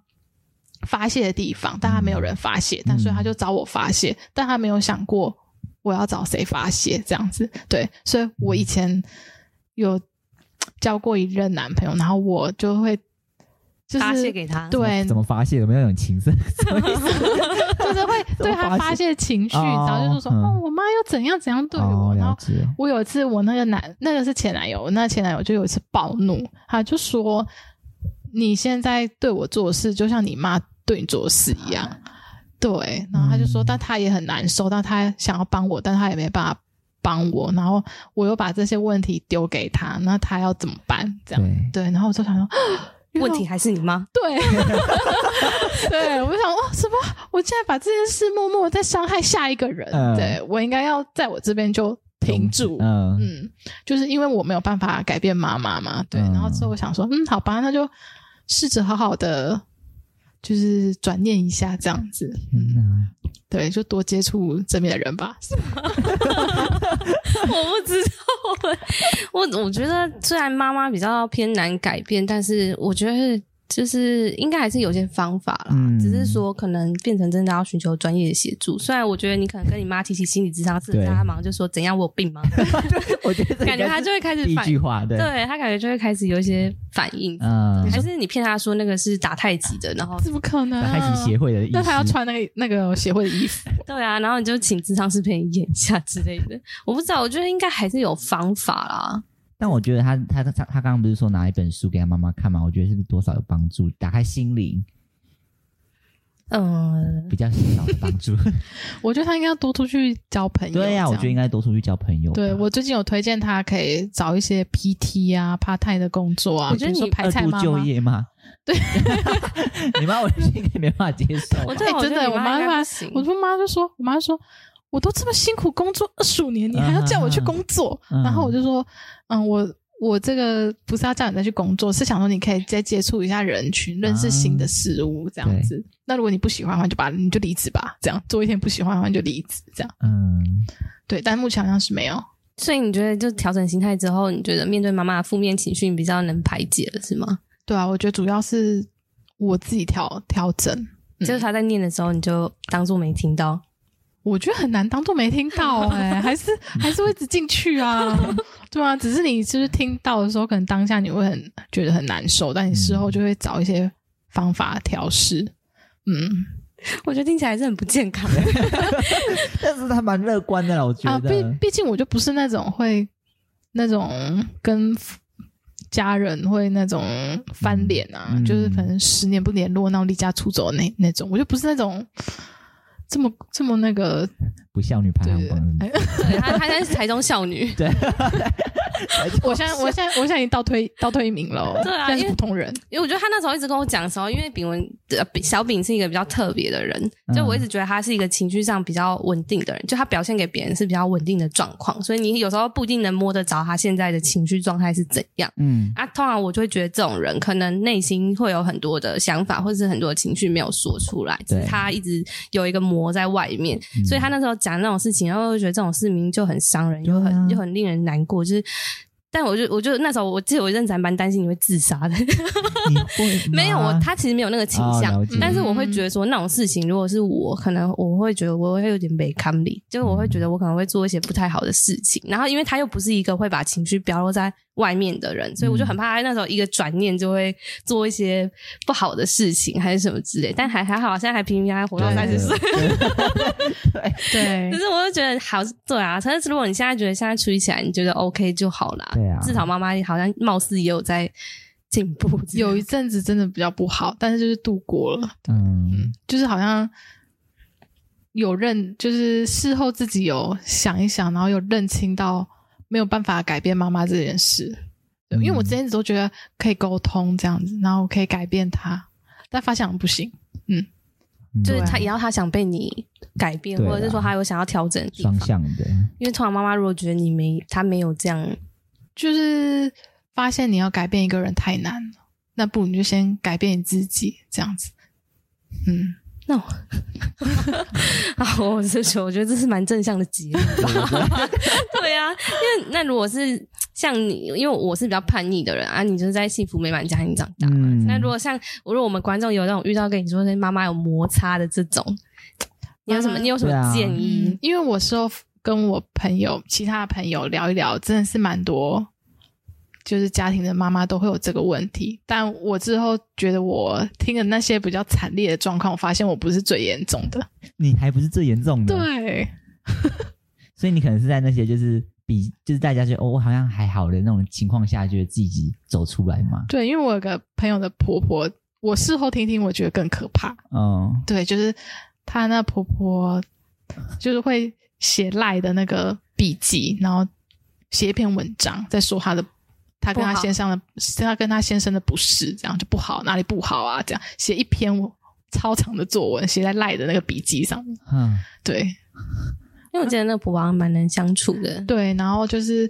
發洩的地方，但他沒有人發洩，嗯、但所以他就找我發洩、嗯，但他沒有想過我要找誰發洩這樣子。對，所以我以前有交過一任男朋友，然後我就會就是、發洩給他，對，怎麼，怎麼發洩？有沒有那種情色？ *laughs* 就是會對他發洩情緒，哦、然後就是說哦，哦，我媽又怎樣怎樣對我。哦、然後我有一次，我那個男，那個是前男友，那前男友就有一次暴怒，嗯、他就說，你現在對我做事，就像你媽對你做事一樣、啊。對，然後他就說、嗯，但他也很難受，但他想要幫我，但他也沒辦法幫我。然後我又把這些問題丟給他，那他要怎麼辦？這樣對,對，然後我就想說。問題還是你媽？對， *laughs* *laughs* 對，我想，哇、哦，什麼？我竟然把這件事默默在傷害下一個人？呃、對我應該要在我這邊就停住。嗯,嗯,嗯就是因為我沒有辦法改變媽媽嘛。對，呃、然後之後我想說，嗯，好吧，那就試着好好的，就是轉念一下這樣子。嗯。對，就多接觸正面的人吧。是 *laughs* *laughs* 我不知道。 *laughs* 我我覺得，雖然媽媽比較偏難改變，但是我覺得是。就是應該還是有一些方法啦，嗯，只是說可能變成真的要尋求專業的協助。雖然我覺得你可能跟你媽提起心理諮商測試，他忙就說怎樣？我有病嗎？ *laughs* 我覺得 *laughs* 感覺他就會開始反第一句話的，對他感覺就會開始有一些反應。嗯，還是你騙他說那個是打太極的，然後怎麼可能？太極協會的，那他要穿那個那個協會的衣服。那個那個，衣服 *laughs* 對啊，然後你就請諮商師陪你演一下之類的。我不知道，我覺得應該還是有方法啦。但我覺得他他他他剛剛不是說拿一本書給他媽媽看嘛？我覺得是不是多少有幫助，打開心靈？嗯、呃，比較小的幫助。 *laughs* *laughs* *laughs* 我覺得他應該要多出去交朋友對、啊。對呀，我覺得應該多出去交朋友對。對我最近有推薦他可以找一些 PT 啊、part-time 的工作啊。我覺得你二度就業嗎？業嗎業嗎對 *laughs* *laughs* *laughs* *laughs* 你媽我應該沒辦法接受。我真的，我媽，我媽我說，媽就說，我媽說。我都這麼辛苦工作二十五年，你還要叫我去工作？嗯、然後我就說，嗯，我我這個不是要叫你再去工作，是想說你可以再接觸一下人群，嗯、認識新的事物這樣子。那如果你不喜歡的話，就把你就離職吧。這樣做一天不喜歡的話你就離職這樣。嗯，對，但目前好像是沒有。所以你覺得，就調整心態之後，你覺得面對媽媽的負面情緒比較能排解了，是嗎？對啊，我覺得主要是我自己調調整。就、嗯、是他在念的時候，你就當做沒聽到。我覺得很難當做沒聽到哎、啊， *laughs* 還是還是會一直進去啊， *laughs* 對啊，只是你就是聽到的時候，可能當下你會很覺得很難受，但你事後就會找一些方法調適。嗯，我覺得聽起來還是很不健康的， *laughs* *laughs* 但是他蠻樂觀的了，我覺得。啊畢，畢竟我就不是那種會那種跟家人會那種翻臉啊，嗯、就是可能十年不聯絡，然後離家出走的那那種，我就不是那種。這麼這麼那個。不孝女排行榜，他他現在是台中孝女。對，我現在我現在我現在已經倒推倒推一名了。對啊，因為普通人，因為，因為我覺得他那時候一直跟我講的時候，因為餅文、呃、小餅是一個比較特別的人，就我一直覺得他是一個情緒上比較穩定的人，就他表現給別人是比較穩定的狀況，所以你有時候不一定能摸得着他現在的情緒狀態是怎樣。嗯，啊，通常我就會覺得這種人可能內心會有很多的想法或者是很多的情緒沒有說出來，他一直有一個膜在外面，嗯、所以他那時候。講那種事情，然後會覺得這種事情就很傷人，啊，又很就很令人難過。就是，但我就我就那時候我，我記得我一陣子還蠻擔心你會自殺的 *laughs* 你會。沒有我，他其實沒有那個傾向，oh，但是我會覺得說那種事情，如果是我，可能我會覺得我會有點沒抗力，就是我會覺得我可能會做一些不太好的事情。然後，因為他又不是一個會把情緒表露在。外面的人，所以我就很怕他那時候一個轉念就會做一些不好的事情還是什麼之類。但還還好，現在還平平安安活到三十歲。對對，對， *laughs* 對對 *laughs* 可是我就覺得好，對啊，但是如果你現在覺得現在處理起來你覺得 OK 就好了，對啊，至少媽媽好像貌似也有在進步。有一陣子真的比較不好，但是就是度過了，嗯，就是好像有認，就是事後自己有想一想，然後有認清到，沒有辦法改變媽媽這件事，因為我之前一直都覺得可以溝通這樣子，嗯、然後可以改變他，但發現不行。嗯，啊、就是他，也要他想被你改變，啊，或者是說他有想要調整方雙向的。因為通常媽媽如果覺得你沒，他沒有這樣，就是發現你要改變一個人太難了。那不如你就先改變你自己這樣子。嗯。那、no、我，啊， *laughs* *laughs* 我是說我覺得這是蠻正向的結果。 *laughs* *laughs* 對啊，因為那如果是像你，因為我是比較叛逆的人啊，你就是在幸福美滿家庭長大嘛、嗯。那如果像，如果我們觀眾有那種遇到跟你說跟媽媽有摩擦的這種媽媽，你有什麼？你有什麼建議？啊嗯、因為我說跟我朋友，其他的朋友聊一聊，真的是蠻多。就是家庭的媽媽都會有這個問題，但我之後覺得我聽的那些比較慘烈的狀況，我發現我不是最嚴重的，你還不是最嚴重的，對， *laughs* 所以你可能是在那些就是比就是大家覺得哦我好像還好的那種情況下，覺得自己走出來嘛。對，因為我有個朋友的婆婆，我事後聽聽，我覺得更可怕。嗯、哦，對，就是她那婆婆就是會寫賴的那個筆記，然後寫一篇文章在說她的。他跟他先生的。他跟他先生的不是，這樣就不好，哪裡不好啊？這樣寫一篇超長的作文，寫在賴的那個筆記上面。嗯，對。因為我覺得那個婆王蠻能相處的。啊、對，然後就是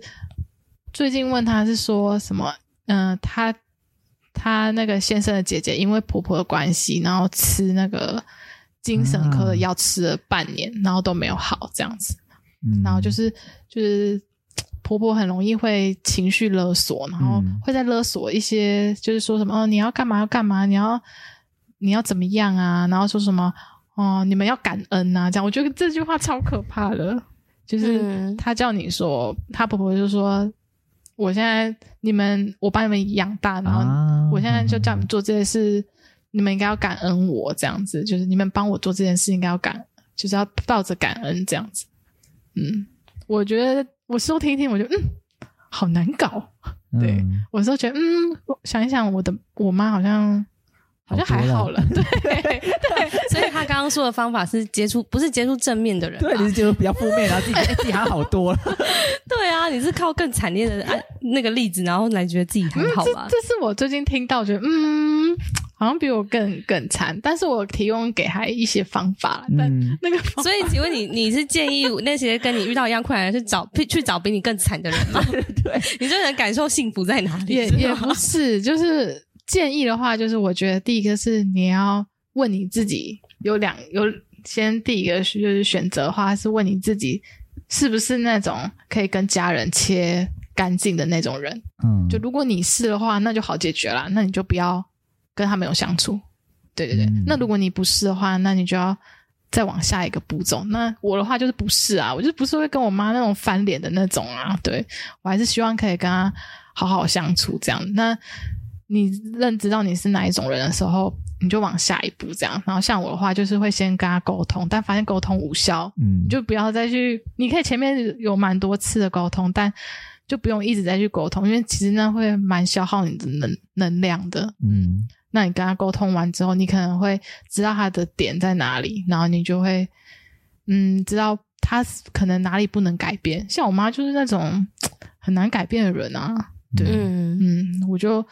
最近問他是說什麼？嗯、呃，他他那個先生的姐姐，因為婆婆的關係，然後吃那個精神科的藥吃了半年，啊，然後都沒有好這樣子。嗯，然後就是就是。婆婆很容易會情緒勒索，然後會再勒索一些，嗯、就是說什麼哦，你要幹嘛要幹嘛，你要你要怎麼樣啊？然後說什麼哦，你們要感恩吶、啊？這樣我覺得這句話超可怕的，就是她、嗯、叫你說，她婆婆就說，我現在你們我幫你們養大，然後我現在就叫你們做這些事、啊，你們應該要感恩我這樣子，就是你們幫我做這件事應該要感，就是要抱着感恩這樣子，嗯。我覺得我收聽一聽，我覺得嗯，好難搞。對、嗯、我時候覺得嗯，我想一想我的我媽好像好像還好了。好對對 *laughs* 所以她剛剛說的方法是接觸不是接觸正面的人、啊。對，你是接觸比較負面、啊，然 *laughs* 後自己、哎、自己還好多了。 *laughs* 對啊，你是靠更慘烈的那個例子，然後來覺得自己還好嗎、嗯、這這是我最近聽到覺得嗯。好像比我更更慘，但是我提供給他一些方法，嗯、但那個方法，所以請問你，你是建議那些跟你遇到一樣困難是找去找比你更慘的人嗎？ *laughs* 對，你就能感受幸福在哪裡？也也不是，就是建議的話，就是我覺得第一個是你要問你自己有，有兩有，先第一個就是選擇的話，是問你自己是不是那種可以跟家人切乾淨的那種人？嗯，就如果你是的話，那就好解決了，那你就不要。跟他沒有相處，對對對、嗯。那如果你不是的話，那你就要再往下一個步驟。那我的話就是不是啊，我就不是會跟我媽那種翻臉的那種啊。對，我還是希望可以跟她好好相處這樣。那你認知到你是哪一種人的時候，你就往下一步這樣。然後像我的話，就是會先跟她溝通，但發現溝通無效，嗯，你就不要再去。你可以前面有蠻多次的溝通，但就不用一直再去溝通，因為其實那會蠻消耗你的能能量的，嗯。那你跟他溝通完之後，你可能會知道他的點在哪裡，然後你就會，嗯，知道他可能哪裡不能改變。像我媽就是那種很難改變的人啊，對，嗯，嗯，我就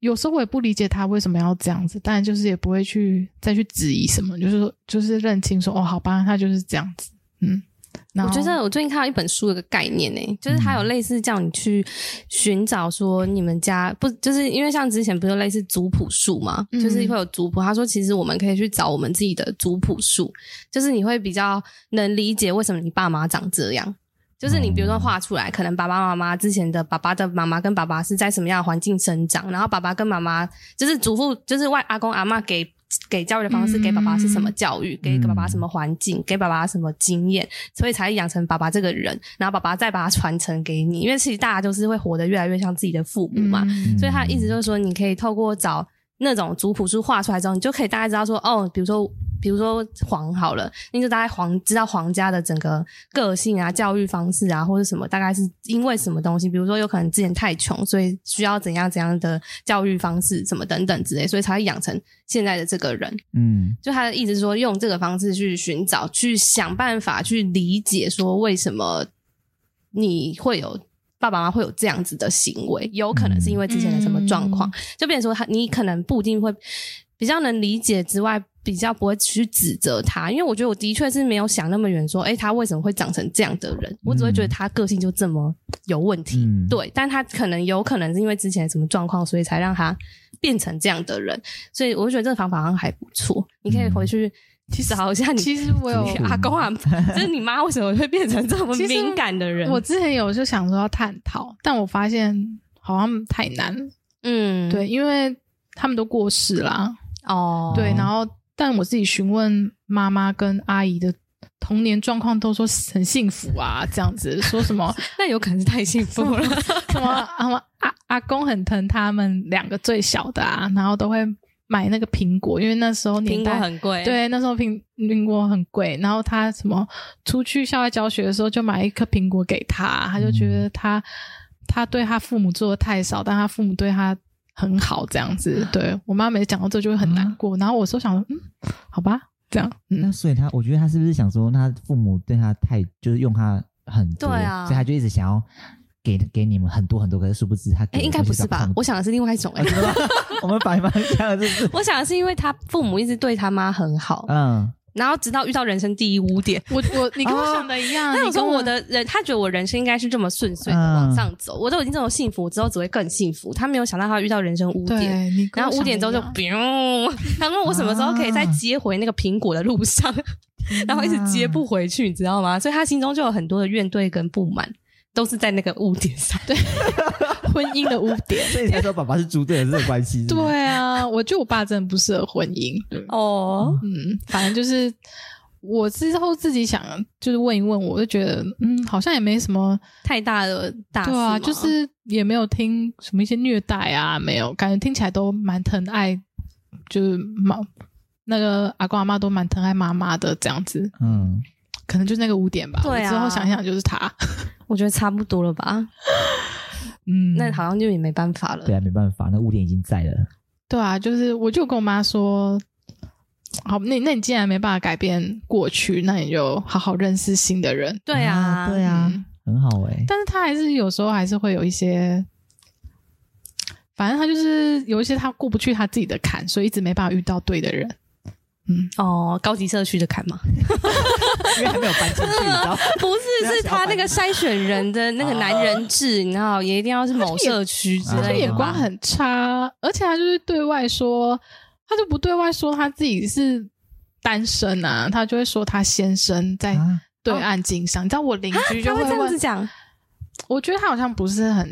有時候我也不理解他為什麼要這樣子，但就是也不會去再去質疑什麼，就是說，就是認清說，哦，好吧，他就是這樣子，嗯。No、我覺得我最近看到一本書有個概念，誒、欸，就是它，有類似叫你去尋找說，你們家不就是，因為像之前不是有類似族譜樹嘛，就是會有族譜。他說其實我們可以去找我們自己的族譜樹，就是你會比較能理解為什麼你爸媽長這樣。就是你比如說畫出來，可能爸爸媽媽之前的爸爸的媽媽跟爸爸是在什麼樣的環境生長，然後爸爸跟媽媽就是祖父就是外阿公阿嬤給給教育的方式，給爸爸是什麼教育？嗯、給爸爸什麼環境、嗯？給爸爸什麼經驗？所以才養成爸爸這個人。然後爸爸再把他傳承給你，因為其實大家都是會活得越來越像自己的父母嘛。嗯、所以他的意思就是說，你可以透過找那種族譜書，畫出來之後，你就可以大概知道說，哦，比如說。比如說黃，好了，那就大概黃知道黃家的整個個性啊、教育方式啊，或者什麼，大概是因為什麼東西？比如說有可能之前太窮，所以需要怎樣怎樣的教育方式，什麼等等之類，所以才會養成現在的這個人。嗯，就他的意思是說，用這個方式去尋找、去想辦法、去理解，說為什麼你會有爸爸媽媽會有這樣子的行為，有可能是因為之前的什麼狀況。嗯嗯。就變成說他，你可能不一定會比較能理解之外，比較不會去指責他，因為我覺得我的確是沒有想那麼遠，說、欸、哎，他為什麼會長成這樣的人？嗯？我只會覺得他個性就這麼有問題，嗯、對。但他可能有可能是因為之前什麼狀況，所以才讓他變成這樣的人。所以我覺得這個方法好像還不錯、嗯，你可以回去找一下你。其實，其實我有阿公阿、啊、婆，就 *laughs* 是你媽為什麼會變成這麼敏感的人？我之前有就想說要探討，但我發現好像太難，嗯，對，因為他們都過世啦、啊，哦、嗯，對，然後。但我自己詢問媽媽跟阿姨的童年狀況，都說很幸福啊，這樣子說什麼？那 *laughs* 有可能是太幸福了。什麼阿阿阿公很疼他們兩個最小的啊，然後都會買那個蘋果，因為那時候年代蘋果很貴，對，那時候蘋蘋果很貴，然後他什麼出去校外教學的時候就買一顆蘋果給他，嗯、他就覺得他他對他父母做的太少，但他父母對他。很好，這樣子，對，我媽每次講到這就會很難過。嗯、然後我想說想，嗯，好吧，這樣。嗯、那所以她，我覺得她是不是想說，她父母對她太就是用她很多，對啊，所以她就一直想要給給你們很多很多。可是殊不知她，哎、欸，應該不是吧不？我想的是另外一種、欸，哎、啊， *laughs* 我們白忙 *laughs* 這樣子。我想的是因為她父母一直對她媽很好，嗯。然後直到遇到人生第一污點，我我你跟我想的一樣，你、哦、說我，我的，我的人，他覺得我人生應該是這麼順遂的往上走，嗯、我都已經這麼幸福，我之後只會更幸福。他沒有想到他會遇到人生污點，然後污點之後就，他、嗯、問、呃、我什麼時候可以再接回那個蘋果的路上、啊，然後一直接不回去，你知道嗎？所以他心中就有很多的怨懟跟不滿，都是在那個污點上。對。 *laughs* 婚姻的污點， *laughs* 所以才說爸爸是豬隊友的關係，對啊，我覺得我爸真的不適合婚姻。哦，oh. 嗯，反正就是我之後自己想，就是問一問我，我就覺得，嗯，好像也沒什麼太大的大事，對啊，就是也沒有聽什麼一些虐待啊，沒有，感覺聽起來都蠻疼愛，就是媽那個阿公阿媽都蠻疼愛媽媽的這樣子。嗯，可能就是那個污點吧。對，之後想想就是他，啊，我覺得差不多了吧。 *laughs* 嗯，那好像就也沒辦法了。對啊，沒辦法，那污點已經在了。對啊，就是我就跟我媽說，好，那那你既然沒辦法改變過去，那你就好好認識新的人。對啊，嗯、對啊，很好哎、欸。但是他還是有時候還是會有一些，反正他就是有一些他過不去他自己的坎，所以一直沒辦法遇到對的人。嗯，哦，高級社區的坎嘛 *laughs* *laughs* 因為他沒有搬出去，你知道、呃？不是，是他那個篩選人的那個男人質，你知道，也一定要是某社區之類的。他就是是他就眼光很差、啊，而且他就是對外說，他就不對外說他自己是單身啊，他就會說他先生在對岸經商、啊。你知道，我鄰居就會、啊、他會這樣子講。我覺得他好像不是很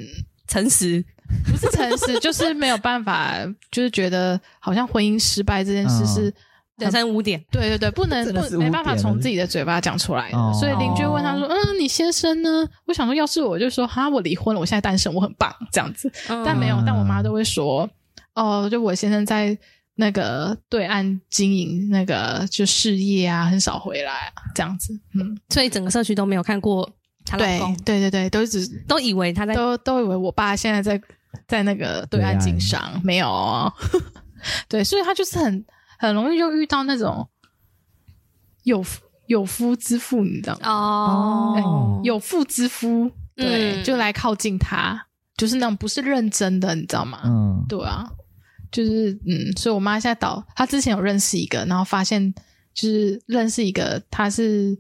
誠實，不是誠實， *laughs* 就是沒有辦法，就是覺得好像婚姻失敗這件事是。啊兩三五點，對對對，不能不，能能不能沒辦法從自己的嘴巴講出來、哦。所以鄰居問他說：“嗯，你先生呢？”我想說，要是我就說：“哈，我離婚了，我現在單身，我很棒。”這樣子、嗯，但沒有。但我媽都會說：“哦、呃，就我先生在那個對岸經營那個就事業啊，很少回來、啊。”這樣子，嗯，所以整個社區都沒有看過他老公。對對對對，都直，都以為他在都都以為我爸現在在在那個對岸經商，啊、沒有、哦。 *laughs* 對，所以他就是很。很容易就遇到那種有夫有夫之婦，你知道嗎？哦、oh. 欸，有婦之夫，對，mm. 就來靠近他，就是那種不是認真的，你知道嗎？嗯、mm.，對啊，就是嗯，所以我媽現在倒，她之前有認識一個，然後發現就是認識一個，他是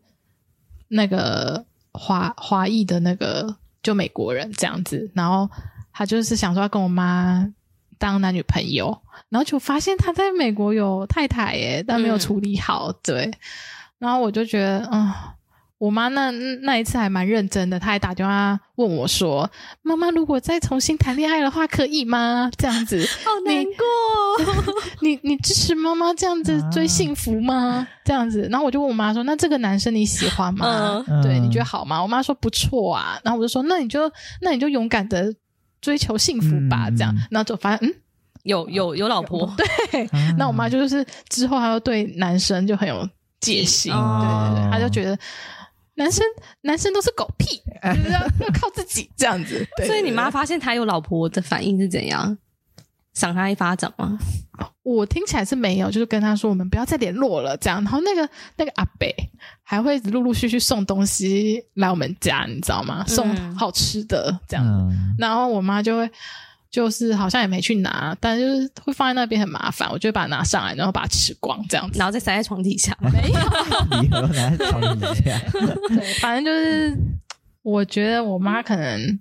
那個華華裔的那個，就美國人這樣子，然後他就是想說要跟我媽當男女朋友。然後就發現他在美國有太太耶，但沒有處理好。嗯、對，然後我就覺得，啊、呃，我媽那那一次還蠻認真的，她還打電話問我說：“媽媽，如果再重新談戀愛的話，可以嗎？”這樣子，好難過、哦。你你，你支持媽媽這樣子追幸福嗎、啊？這樣子，然後我就問我媽說：“那這個男生你喜歡嗎？啊、對你覺得好嗎？”我媽說：“不錯啊。”然後我就說：“那你就那你就勇敢的追求幸福吧。嗯”這樣，然後就發現，嗯。有有有老，有，有，有老婆，對，嗯、那我媽就是之後她就對男生就很有戒心、嗯，對對對，她就覺得男生男生都是狗屁，嗯、就是要、啊、靠自己這樣子。 *laughs* 對對對，所以你媽發現他有老婆的反應是怎樣？賞他一巴掌嗎？我聽起來是沒有，就是跟他說我們不要再聯絡了這樣。然後那個那個阿伯還會陸陸續續送東西來我們家，你知道嗎？送好吃的這樣、嗯嗯、然後我媽就會。就是好像也沒去拿，但就是會放在那邊很麻煩，我就會把它拿上來，然後把它吃光這樣子，然後再塞在床底下。沒有，禮盒塞床底下。對，反正就是我覺得我媽可能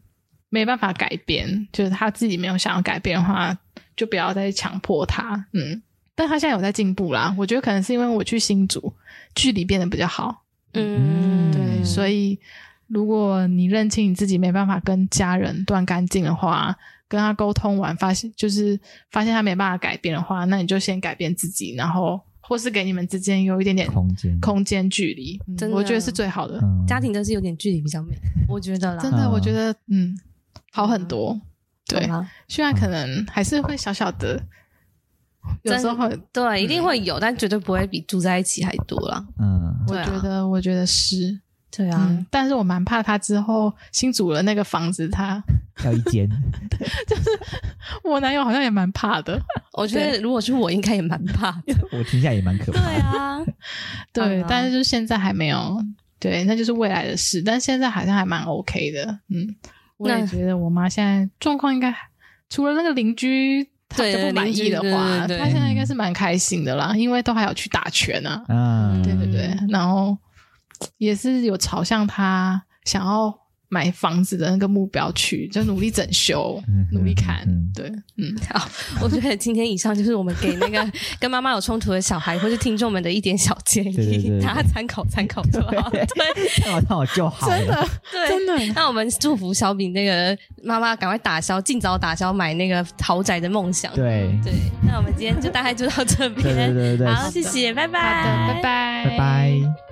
沒辦法改變，就是她自己沒有想要改變的話，就不要再強迫她。嗯，但她現在有在進步啦。我覺得可能是因為我去新竹，距離變得比較好。嗯，對。所以如果你認清你自己沒辦法跟家人斷乾淨的話。跟他溝通完，發現就是發現他沒辦法改變的話，那你就先改變自己，然後或是給你們之間有一點點空間、空間距離，我覺得是最好的。嗯，真的。家庭都是有點距離比較美，我覺得啦真的，我覺得嗯，好很多，嗯，對，嗯。對，雖然可能還是會小小的，有時候會，真的，對，一定會有，嗯，但絕對不會比住在一起還多了。嗯，我，啊，覺得，我覺得是。對啊、嗯，但是我蠻怕他之後新租了那個房子他，他要一間。 *laughs* 對，就 *laughs* 是我男友好像也蠻怕的。我覺得如果是我，應該也蠻怕的。 *laughs* 我聽起來也蠻可怕的。對啊，對、嗯啊，但是就現在還沒有。對，那就是未來的事。但現在好像還蠻 OK 的。嗯，我也覺得我媽現在狀況應該，除了那個鄰居，他不滿意的話，對對對對，他現在應該是蠻開心的啦，因為都還有去打拳啊。嗯，對對對，然後。也是有朝向他想要買房子的那個目標去，就努力整修，嗯、努力砍、嗯，對，嗯。好，我覺得今天以上就是我們給那個跟媽媽有衝突的小孩 *laughs* 或是聽眾們的一點小建議，對對對對，大家參考參考就好，對，對對，那我那我就好。真的，對，真的。那我們祝福小餅那個媽媽趕快打消，盡早打消買那個豪宅的夢想。對，對。那我們今天就大概就到這邊， *laughs* 好，謝謝，好的拜拜好的，拜拜，拜拜，拜拜。